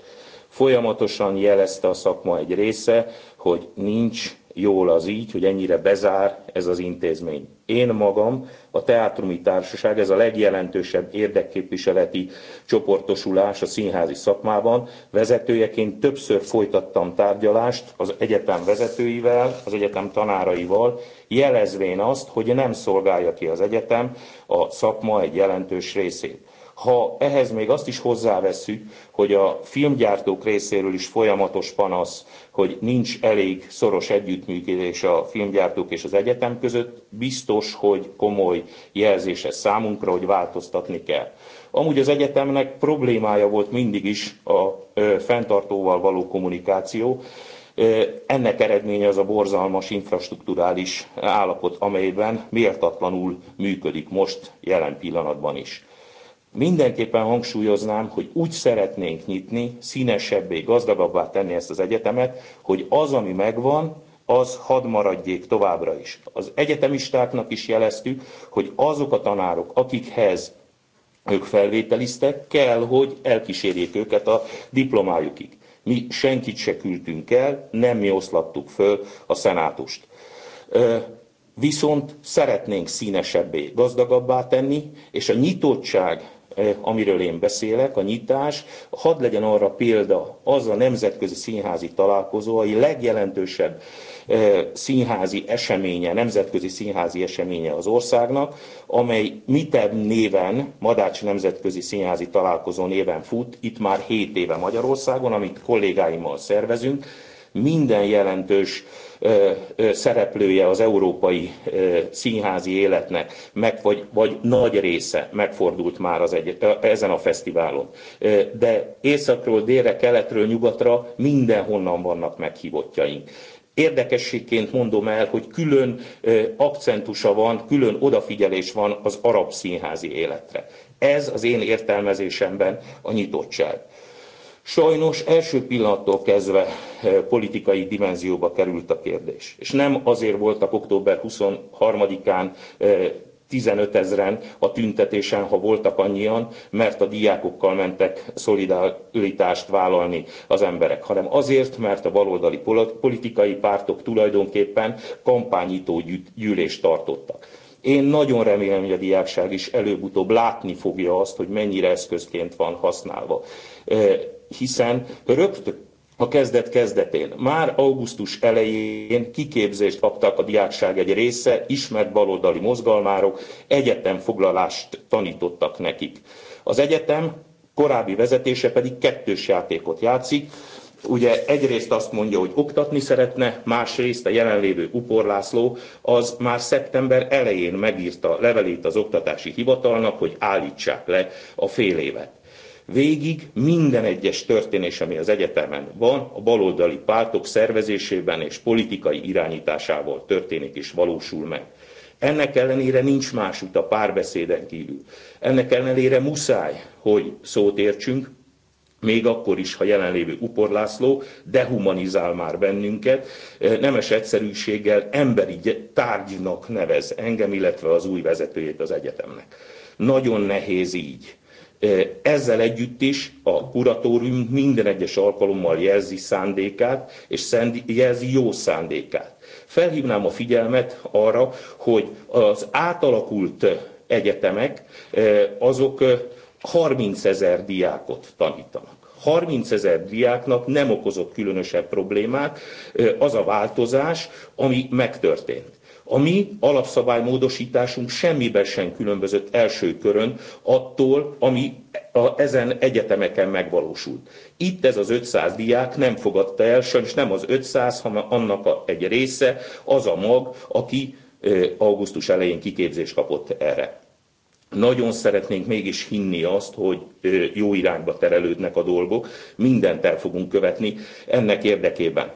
Folyamatosan jelezte a szakma egy része, hogy nincs jól az így, hogy ennyire bezár ez az intézmény. Én magam, a Teátrumi Társaság, ez a legjelentősebb érdekképviseleti csoportosulás a színházi szakmában, vezetőjeként többször folytattam tárgyalást az egyetem vezetőivel, az egyetem tanáraival, jelezvén azt, hogy nem szolgálja ki az egyetem a szakma egy jelentős részét. Ha ehhez még azt is hozzáveszünk, hogy a filmgyártók részéről is folyamatos panasz, hogy nincs elég szoros együttműködés a filmgyártók és az egyetem között, biztos, hogy komoly jelzés ez számunkra, hogy változtatni kell. Amúgy az egyetemnek problémája volt mindig is a fenntartóval való kommunikáció, ennek eredménye az a borzalmas infrastruktúrális állapot, amelyben méltatlanul működik most, jelen pillanatban is. Mindenképpen hangsúlyoznám, hogy úgy szeretnénk nyitni, színesebbé, gazdagabbá tenni ezt az egyetemet, hogy az, ami megvan, az hadd maradjék továbbra is. Az egyetemistáknak is jeleztük, hogy azok a tanárok, akikhez ők felvételiztek, kell, hogy elkísérjék őket a diplomájukig. Mi senkit se küldtünk el, nem mi oszlattuk föl a szenátust. Viszont szeretnénk színesebbé, gazdagabbá tenni, és a nyitottság amiről én beszélek, a nyitás, hadd legyen arra példa az a nemzetközi színházi találkozó, ami legjelentősebb színházi eseménye, nemzetközi színházi eseménye az országnak, amely MITEB néven, Madács Nemzetközi Színházi Találkozó néven fut, itt már 7 éve Magyarországon, amit kollégáimmal szervezünk. Minden jelentős szereplője az európai színházi életnek, meg, vagy, vagy nagy része megfordult már az egy, ezen a fesztiválon. De északról, délre, keletről, nyugatra mindenhonnan vannak meghívottjaink. Érdekességként mondom el, hogy külön akcentusa van, külön odafigyelés van az arab színházi életre. Ez az én értelmezésemben a nyitottság. Sajnos első pillanattól kezdve politikai dimenzióba került a kérdés. És nem azért voltak október 23-án 15 ezeren a tüntetésen, ha voltak annyian, mert a diákokkal mentek szolidaritást vállalni az emberek, hanem azért, mert a baloldali politikai pártok tulajdonképpen kampányító gyűlést tartottak. Én nagyon remélem, hogy a diákság is előbb-utóbb látni fogja azt, hogy mennyire eszközként van használva. Hiszen rögtön a kezdet kezdetén. Már augusztus elején kiképzést kaptak a diákság egy része, ismert baloldali mozgalmárok, egyetemfoglalást tanítottak nekik. Az egyetem korábbi vezetése pedig kettős játékot játszik, Ugye egyrészt azt mondja, hogy oktatni szeretne, másrészt a jelenlévő Upor László az már szeptember elején megírta levelét az oktatási hivatalnak, hogy állítsák le a fél évet végig minden egyes történés, ami az egyetemen van, a baloldali pártok szervezésében és politikai irányításával történik és valósul meg. Ennek ellenére nincs más út a párbeszéden kívül. Ennek ellenére muszáj, hogy szót értsünk, még akkor is, ha jelenlévő Upor László dehumanizál már bennünket, nemes egyszerűséggel emberi tárgynak nevez engem, illetve az új vezetőjét az egyetemnek. Nagyon nehéz így ezzel együtt is a kuratórium minden egyes alkalommal jelzi szándékát, és jelzi jó szándékát. Felhívnám a figyelmet arra, hogy az átalakult egyetemek azok 30 ezer diákot tanítanak. 30 ezer diáknak nem okozott különösebb problémát az a változás, ami megtörtént. A mi alapszabálymódosításunk semmiben sem különbözött első körön attól, ami a, ezen egyetemeken megvalósult. Itt ez az 500 diák nem fogadta el, sajnos nem az 500, hanem annak a, egy része, az a mag, aki e, augusztus elején kiképzést kapott erre. Nagyon szeretnénk mégis hinni azt, hogy jó irányba terelődnek a dolgok, mindent el fogunk követni ennek érdekében.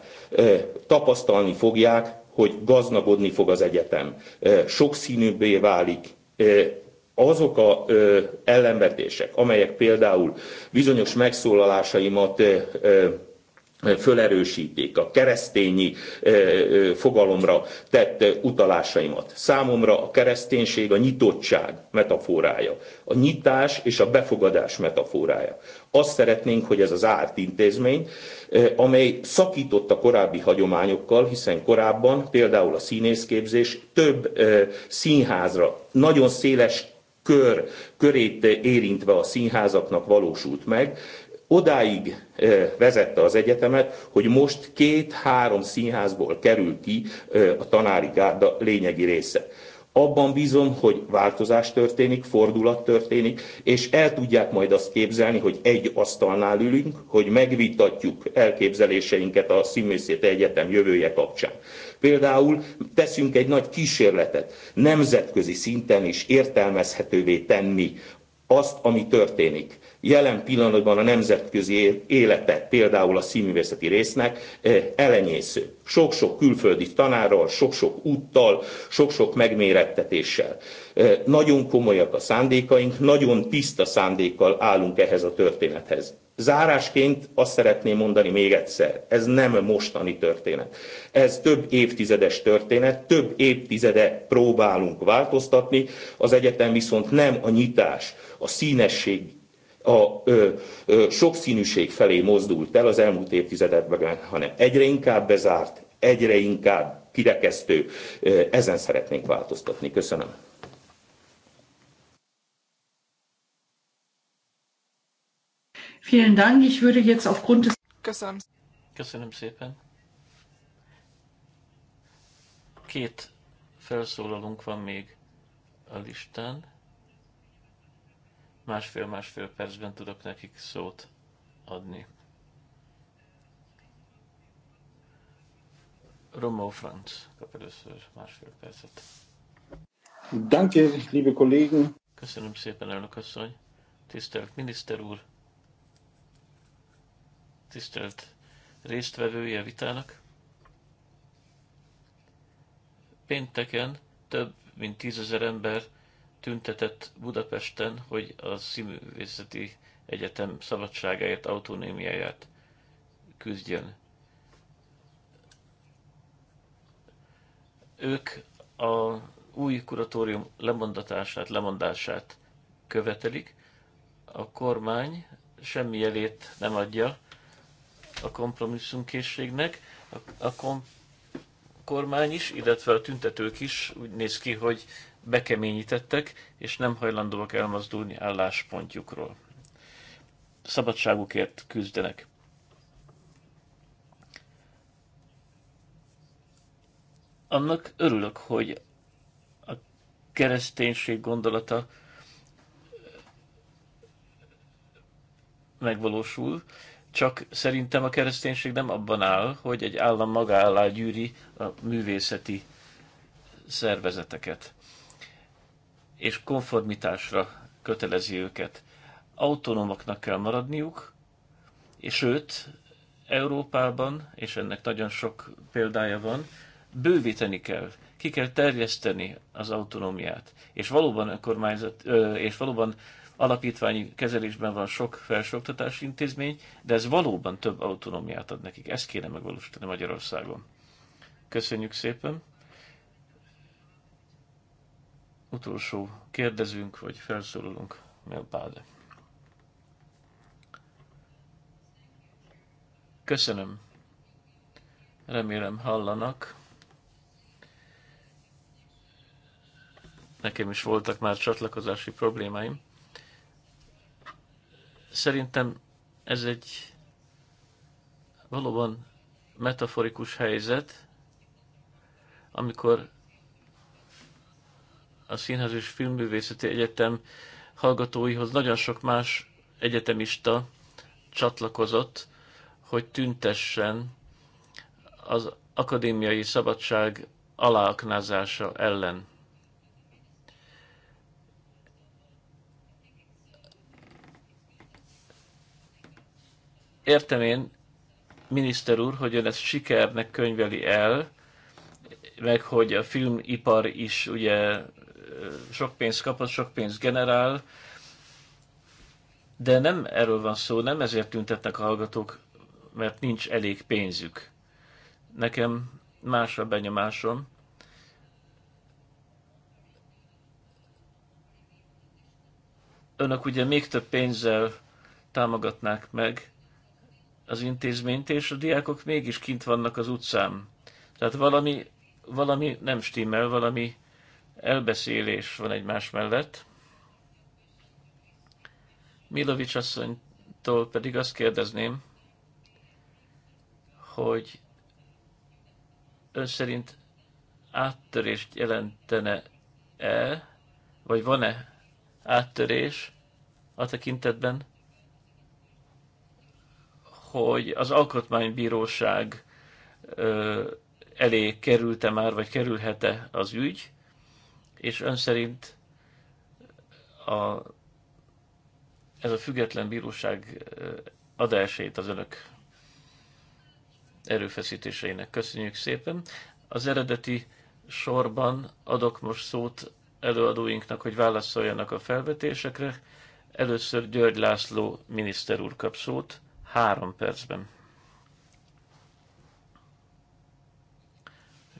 Tapasztalni fogják, hogy gazdagodni fog az egyetem, sokszínűbbé válik, azok a ellenvetések, amelyek például bizonyos megszólalásaimat fölerősíték a keresztényi fogalomra tett utalásaimat. Számomra a kereszténység a nyitottság metaforája, a nyitás és a befogadás metaforája. Azt szeretnénk, hogy ez az árt intézmény, amely szakított a korábbi hagyományokkal, hiszen korábban például a színészképzés több színházra, nagyon széles kör, körét érintve a színházaknak valósult meg, odáig eh, vezette az egyetemet, hogy most két-három színházból kerül ki eh, a tanári gárda lényegi része. Abban bízom, hogy változás történik, fordulat történik, és el tudják majd azt képzelni, hogy egy asztalnál ülünk, hogy megvitatjuk elképzeléseinket a Színművészeti Egyetem jövője kapcsán. Például teszünk egy nagy kísérletet, nemzetközi szinten is értelmezhetővé tenni azt, ami történik jelen pillanatban a nemzetközi élete, például a színművészeti résznek e, elenyésző. Sok-sok külföldi tanárral, sok-sok úttal, sok-sok megmérettetéssel. E, nagyon komolyak a szándékaink, nagyon tiszta szándékkal állunk ehhez a történethez. Zárásként azt szeretném mondani még egyszer, ez nem mostani történet. Ez több évtizedes történet, több évtizede próbálunk változtatni, az egyetem viszont nem a nyitás, a színesség a ö, ö, sokszínűség felé mozdult el az elmúlt évtizedekben, hanem egyre inkább bezárt, egyre inkább kirekesztő. Ezen szeretnénk változtatni. Köszönöm. Vielen Dank. Ich würde jetzt aufgrund des Köszönöm. Köszönöm szépen. Két felszólalunk van még a listán másfél-másfél percben tudok nekik szót adni. Romo Franz kap először másfél percet. Danke, liebe Kollegen. Köszönöm szépen, elnök asszony. Tisztelt miniszter úr. Tisztelt résztvevője vitának. Pénteken több mint tízezer ember tüntetett Budapesten, hogy a Színművészeti Egyetem szabadságáért, autonómiáját küzdjön. Ők a új kuratórium lemondatását, lemondását követelik, a kormány semmi jelét nem adja a kompromisszumkészségnek, a, a kom- kormány is, illetve a tüntetők is úgy néz ki, hogy bekeményítettek, és nem hajlandóak elmozdulni álláspontjukról. Szabadságukért küzdenek. Annak örülök, hogy a kereszténység gondolata megvalósul, csak szerintem a kereszténység nem abban áll, hogy egy állam maga alá gyűri a művészeti szervezeteket és konformitásra kötelezi őket. Autonómaknak kell maradniuk, és őt Európában, és ennek nagyon sok példája van, bővíteni kell, ki kell terjeszteni az autonómiát. És valóban önkormányzat, és valóban alapítványi kezelésben van sok felsőoktatási intézmény, de ez valóban több autonómiát ad nekik. Ezt kéne megvalósítani Magyarországon. Köszönjük szépen! utolsó kérdezünk vagy felszólalunk, Páde? Köszönöm. Remélem hallanak. Nekem is voltak már csatlakozási problémáim. Szerintem ez egy valóban metaforikus helyzet, amikor a Színház és Filmművészeti Egyetem hallgatóihoz nagyon sok más egyetemista csatlakozott, hogy tüntessen az akadémiai szabadság aláaknázása ellen. Értem én, miniszter úr, hogy ön ezt sikernek könyveli el, meg hogy a filmipar is ugye sok pénzt kap, az sok pénzt generál, de nem erről van szó, nem ezért tüntetnek a hallgatók, mert nincs elég pénzük. Nekem más a benyomásom. Önök ugye még több pénzzel támogatnák meg az intézményt, és a diákok mégis kint vannak az utcán. Tehát valami, valami nem stimmel, valami elbeszélés van egymás mellett. Milovics asszonytól pedig azt kérdezném, hogy ön szerint áttörést jelentene-e, vagy van-e áttörés a tekintetben, hogy az alkotmánybíróság elé kerülte már, vagy kerülhet-e az ügy, és ön szerint a, ez a független bíróság ad esélyt az önök erőfeszítéseinek. Köszönjük szépen. Az eredeti sorban adok most szót előadóinknak, hogy válaszoljanak a felvetésekre. Először György László miniszter úr kap szót, három percben.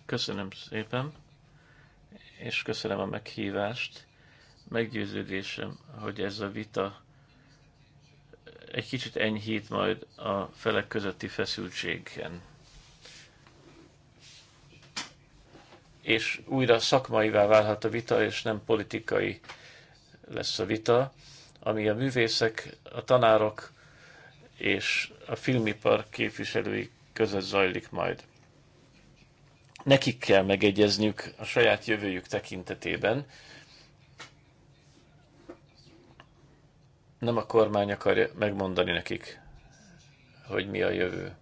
Köszönöm szépen és köszönöm a meghívást. Meggyőződésem, hogy ez a vita egy kicsit enyhít majd a felek közötti feszültségen. És újra szakmaivá válhat a vita, és nem politikai lesz a vita, ami a művészek, a tanárok és a filmipar képviselői között zajlik majd nekik kell megegyezniük a saját jövőjük tekintetében. Nem a kormány akarja megmondani nekik, hogy mi a jövő.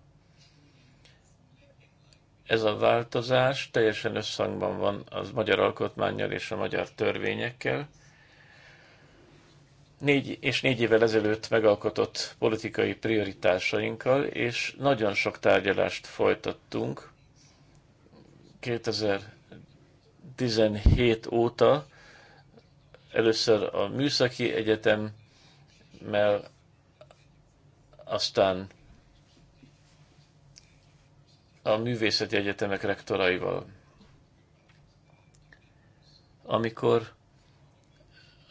Ez a változás teljesen összhangban van az magyar alkotmányjal és a magyar törvényekkel. Négy és négy évvel ezelőtt megalkotott politikai prioritásainkkal, és nagyon sok tárgyalást folytattunk, 2017 óta először a Műszaki Egyetemmel, aztán a művészeti egyetemek rektoraival. Amikor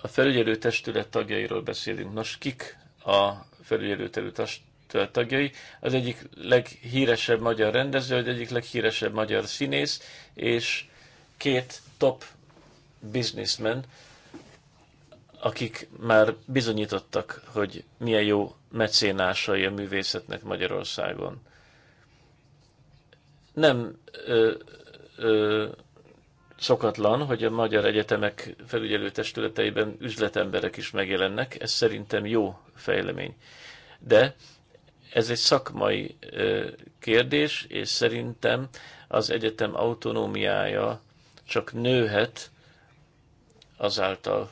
a felügyelő testület tagjairól beszélünk, nos, kik a felügyelő tagjai. Az egyik leghíresebb magyar rendező, az egyik leghíresebb magyar színész, és két top businessman, akik már bizonyítottak, hogy milyen jó mecénásai a művészetnek Magyarországon. Nem ö, ö, szokatlan, hogy a magyar egyetemek felügyelő testületeiben üzletemberek is megjelennek, ez szerintem jó fejlemény. De ez egy szakmai kérdés, és szerintem az egyetem autonómiája csak nőhet azáltal,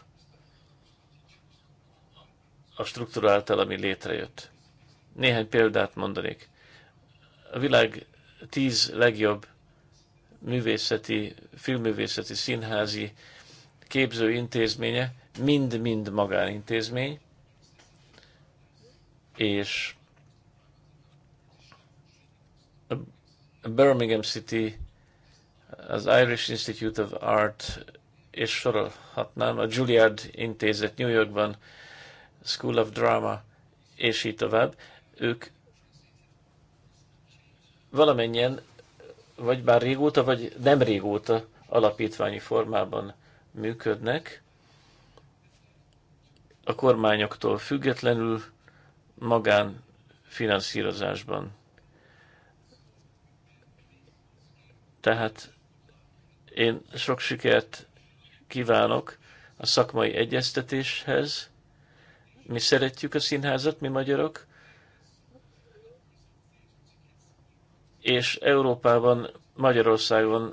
a struktúra által, ami létrejött. Néhány példát mondanék. A világ tíz legjobb művészeti, filmművészeti, színházi képzőintézménye mind-mind magánintézmény, és Birmingham City, az Irish Institute of Art, és sorolhatnám, a Juilliard Intézet New Yorkban, School of Drama, és így tovább, ők valamennyien, vagy bár régóta, vagy nem régóta alapítványi formában működnek, a kormányoktól függetlenül magán finanszírozásban. Tehát én sok sikert kívánok a szakmai egyeztetéshez. Mi szeretjük a színházat, mi magyarok, és Európában, Magyarországon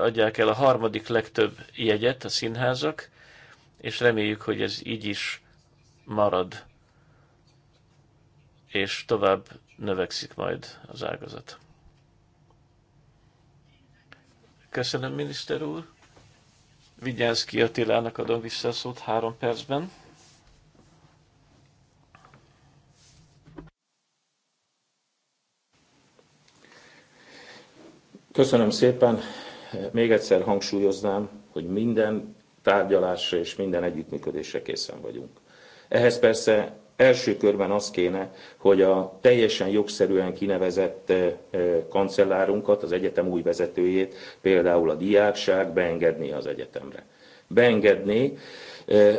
adják el a harmadik legtöbb jegyet a színházak, és reméljük, hogy ez így is marad, és tovább növekszik majd az ágazat. Köszönöm, miniszter úr. Vigyázz ki a tilának, adom vissza a szót három percben. Köszönöm szépen. Még egyszer hangsúlyoznám, hogy minden tárgyalásra és minden együttműködésre készen vagyunk. Ehhez persze első körben az kéne, hogy a teljesen jogszerűen kinevezett kancellárunkat, az egyetem új vezetőjét, például a diákság beengedné az egyetemre. Beengedné,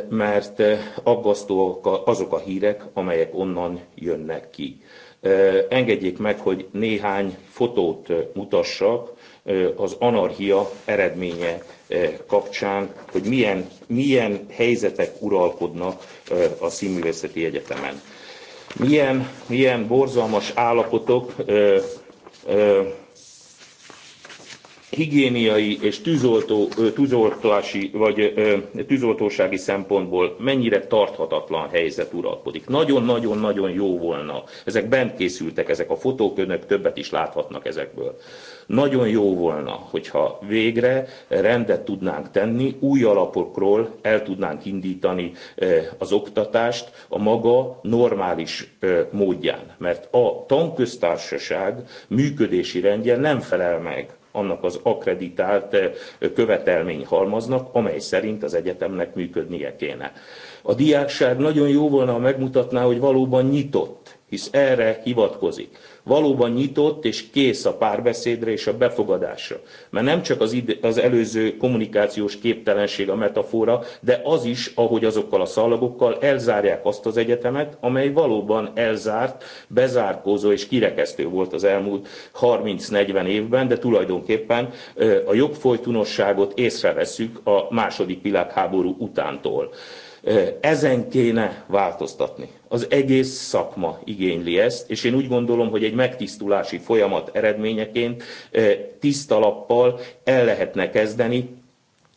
mert aggasztóak azok a hírek, amelyek onnan jönnek ki. Engedjék meg, hogy néhány fotót mutassak, az anarchia eredménye kapcsán, hogy milyen, milyen helyzetek uralkodnak a színművészeti egyetemen. Milyen, milyen borzalmas állapotok ö, ö, higiéniai és tűzoltó, tűzoltási vagy tűzoltósági szempontból mennyire tarthatatlan helyzet uralkodik. Nagyon-nagyon-nagyon jó volna. Ezek bent készültek, ezek a fotók, önök többet is láthatnak ezekből. Nagyon jó volna, hogyha végre rendet tudnánk tenni, új alapokról el tudnánk indítani az oktatást a maga normális módján. Mert a tanköztársaság működési rendje nem felel meg annak az akkreditált eh, követelményhalmaznak, amely szerint az egyetemnek működnie kéne. A diákság nagyon jó volna, ha megmutatná, hogy valóban nyitott hisz erre hivatkozik. Valóban nyitott és kész a párbeszédre és a befogadásra. Mert nem csak az, ide, az előző kommunikációs képtelenség a metafora, de az is, ahogy azokkal a szalagokkal elzárják azt az egyetemet, amely valóban elzárt, bezárkózó és kirekesztő volt az elmúlt 30-40 évben, de tulajdonképpen a jogfolytonosságot észreveszük a második világháború utántól. Ezen kéne változtatni. Az egész szakma igényli ezt, és én úgy gondolom, hogy egy megtisztulási folyamat eredményeként tiszta lappal el lehetne kezdeni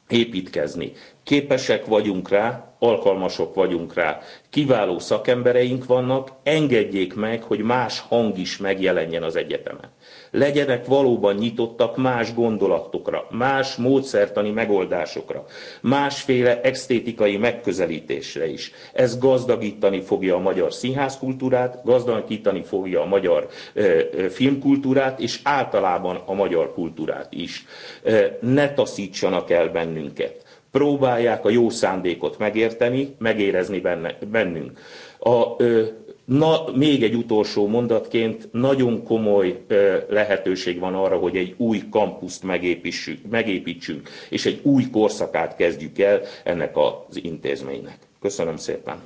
építkezni. Képesek vagyunk rá, alkalmasok vagyunk rá, kiváló szakembereink vannak, engedjék meg, hogy más hang is megjelenjen az egyetemen legyenek valóban nyitottak más gondolatokra, más módszertani megoldásokra, másféle esztétikai megközelítésre is. Ez gazdagítani fogja a magyar színházkultúrát, gazdagítani fogja a magyar ö, ö, filmkultúrát, és általában a magyar kultúrát is. Ö, ne taszítsanak el bennünket próbálják a jó szándékot megérteni, megérezni benne, bennünk. A ö, Na, még egy utolsó mondatként, nagyon komoly lehetőség van arra, hogy egy új kampuszt megépítsünk, megépítsünk és egy új korszakát kezdjük el ennek az intézménynek. Köszönöm szépen!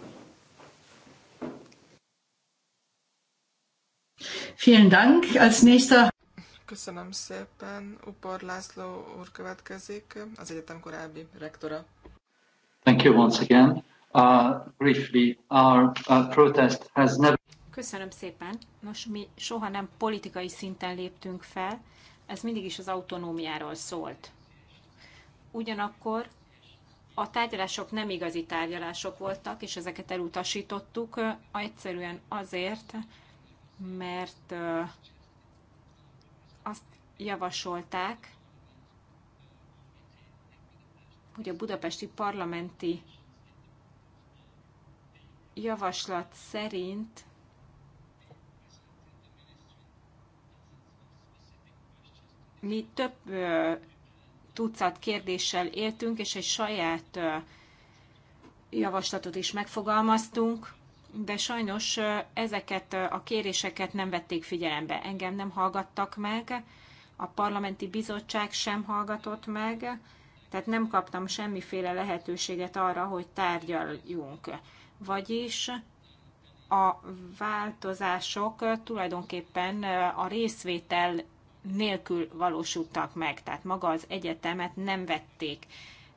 Vielen Dank. Als nächster Köszönöm szépen. Upor László úr következik, az egyetem korábbi rektora. Thank you once again. Uh, uh, Köszönöm szépen. Nos, mi soha nem politikai szinten léptünk fel, ez mindig is az autonómiáról szólt. Ugyanakkor a tárgyalások nem igazi tárgyalások voltak, és ezeket elutasítottuk egyszerűen azért, mert azt javasolták, hogy a budapesti parlamenti javaslat szerint mi több tucat kérdéssel éltünk, és egy saját javaslatot is megfogalmaztunk, de sajnos ezeket a kéréseket nem vették figyelembe. Engem nem hallgattak meg, a parlamenti bizottság sem hallgatott meg, tehát nem kaptam semmiféle lehetőséget arra, hogy tárgyaljunk vagyis a változások tulajdonképpen a részvétel nélkül valósultak meg, tehát maga az egyetemet nem vették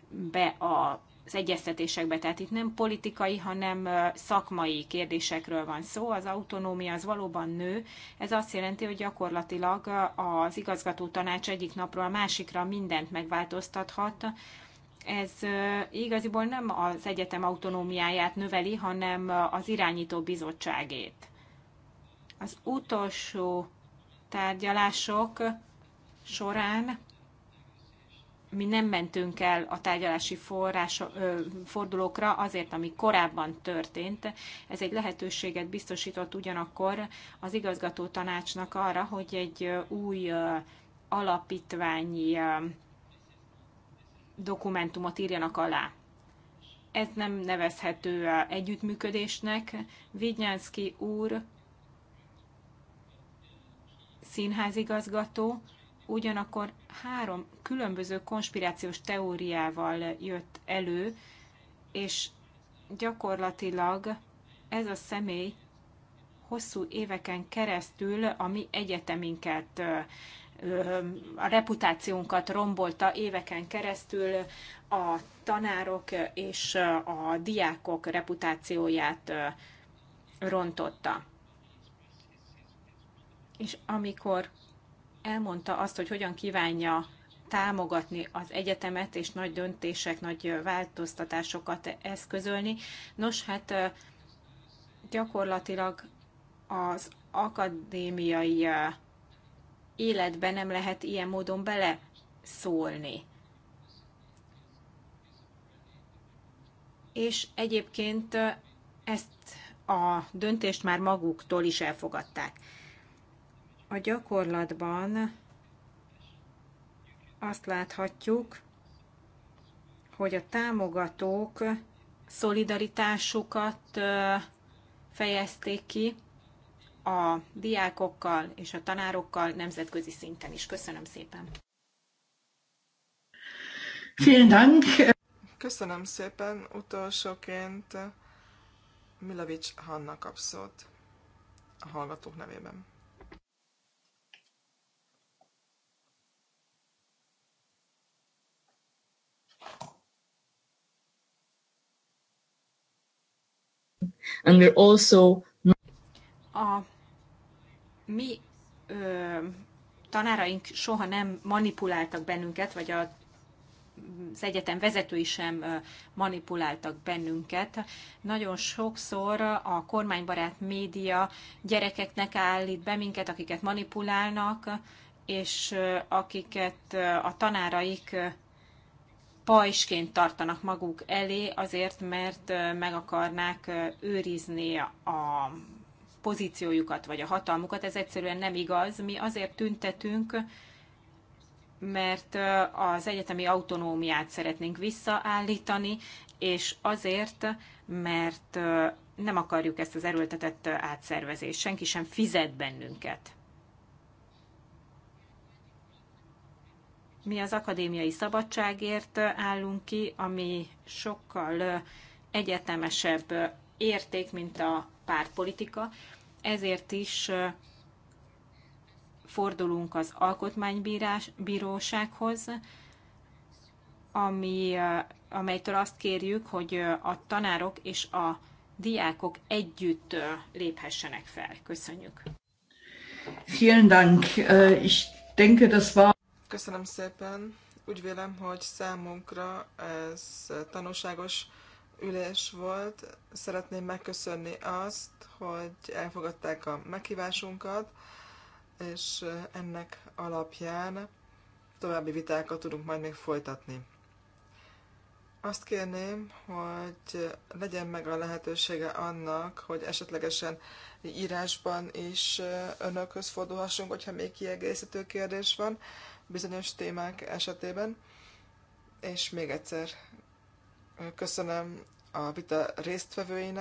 be az egyeztetésekbe. Tehát itt nem politikai, hanem szakmai kérdésekről van szó. Az autonómia az valóban nő. Ez azt jelenti, hogy gyakorlatilag az igazgató tanács egyik napról a másikra mindent megváltoztathat, ez igaziból nem az egyetem autonómiáját növeli, hanem az irányító bizottságét. Az utolsó tárgyalások során mi nem mentünk el a tárgyalási forrás, ö, fordulókra azért, ami korábban történt. Ez egy lehetőséget biztosított ugyanakkor az igazgató tanácsnak arra, hogy egy új ö, alapítványi ö, dokumentumot írjanak alá. Ez nem nevezhető együttműködésnek. Vignyánszki úr színházigazgató, ugyanakkor három különböző konspirációs teóriával jött elő, és gyakorlatilag ez a személy hosszú éveken keresztül a mi egyeteminket a reputációnkat rombolta éveken keresztül a tanárok és a diákok reputációját rontotta. És amikor elmondta azt, hogy hogyan kívánja támogatni az egyetemet, és nagy döntések, nagy változtatásokat eszközölni. Nos, hát gyakorlatilag az akadémiai életbe nem lehet ilyen módon bele szólni. És egyébként ezt a döntést már maguktól is elfogadták. A gyakorlatban azt láthatjuk, hogy a támogatók szolidaritásukat fejezték ki, a diákokkal és a tanárokkal nemzetközi szinten is. Köszönöm szépen! Vielen Dank! Köszönöm szépen! Utolsóként Milavics Hanna kapszót a hallgatók nevében. And we're also a mi ö, tanáraink soha nem manipuláltak bennünket, vagy a, az egyetem vezetői sem manipuláltak bennünket. Nagyon sokszor a kormánybarát média gyerekeknek állít be minket, akiket manipulálnak, és akiket a tanáraik pajsként tartanak maguk elé, azért, mert meg akarnák őrizni a pozíciójukat vagy a hatalmukat, ez egyszerűen nem igaz. Mi azért tüntetünk, mert az egyetemi autonómiát szeretnénk visszaállítani, és azért, mert nem akarjuk ezt az erőltetett átszervezést. Senki sem fizet bennünket. Mi az akadémiai szabadságért állunk ki, ami sokkal egyetemesebb érték, mint a pártpolitika, ezért is fordulunk az alkotmánybírósághoz, ami, amelytől azt kérjük, hogy a tanárok és a diákok együtt léphessenek fel. Köszönjük. Vielen Dank. Ich denke, das war... Köszönöm szépen. Úgy vélem, hogy számunkra ez tanulságos ülés volt. Szeretném megköszönni azt, hogy elfogadták a meghívásunkat, és ennek alapján további vitákat tudunk majd még folytatni. Azt kérném, hogy legyen meg a lehetősége annak, hogy esetlegesen írásban is önökhöz fordulhassunk, hogyha még kiegészítő kérdés van bizonyos témák esetében. És még egyszer Köszönöm a vita résztvevőinek.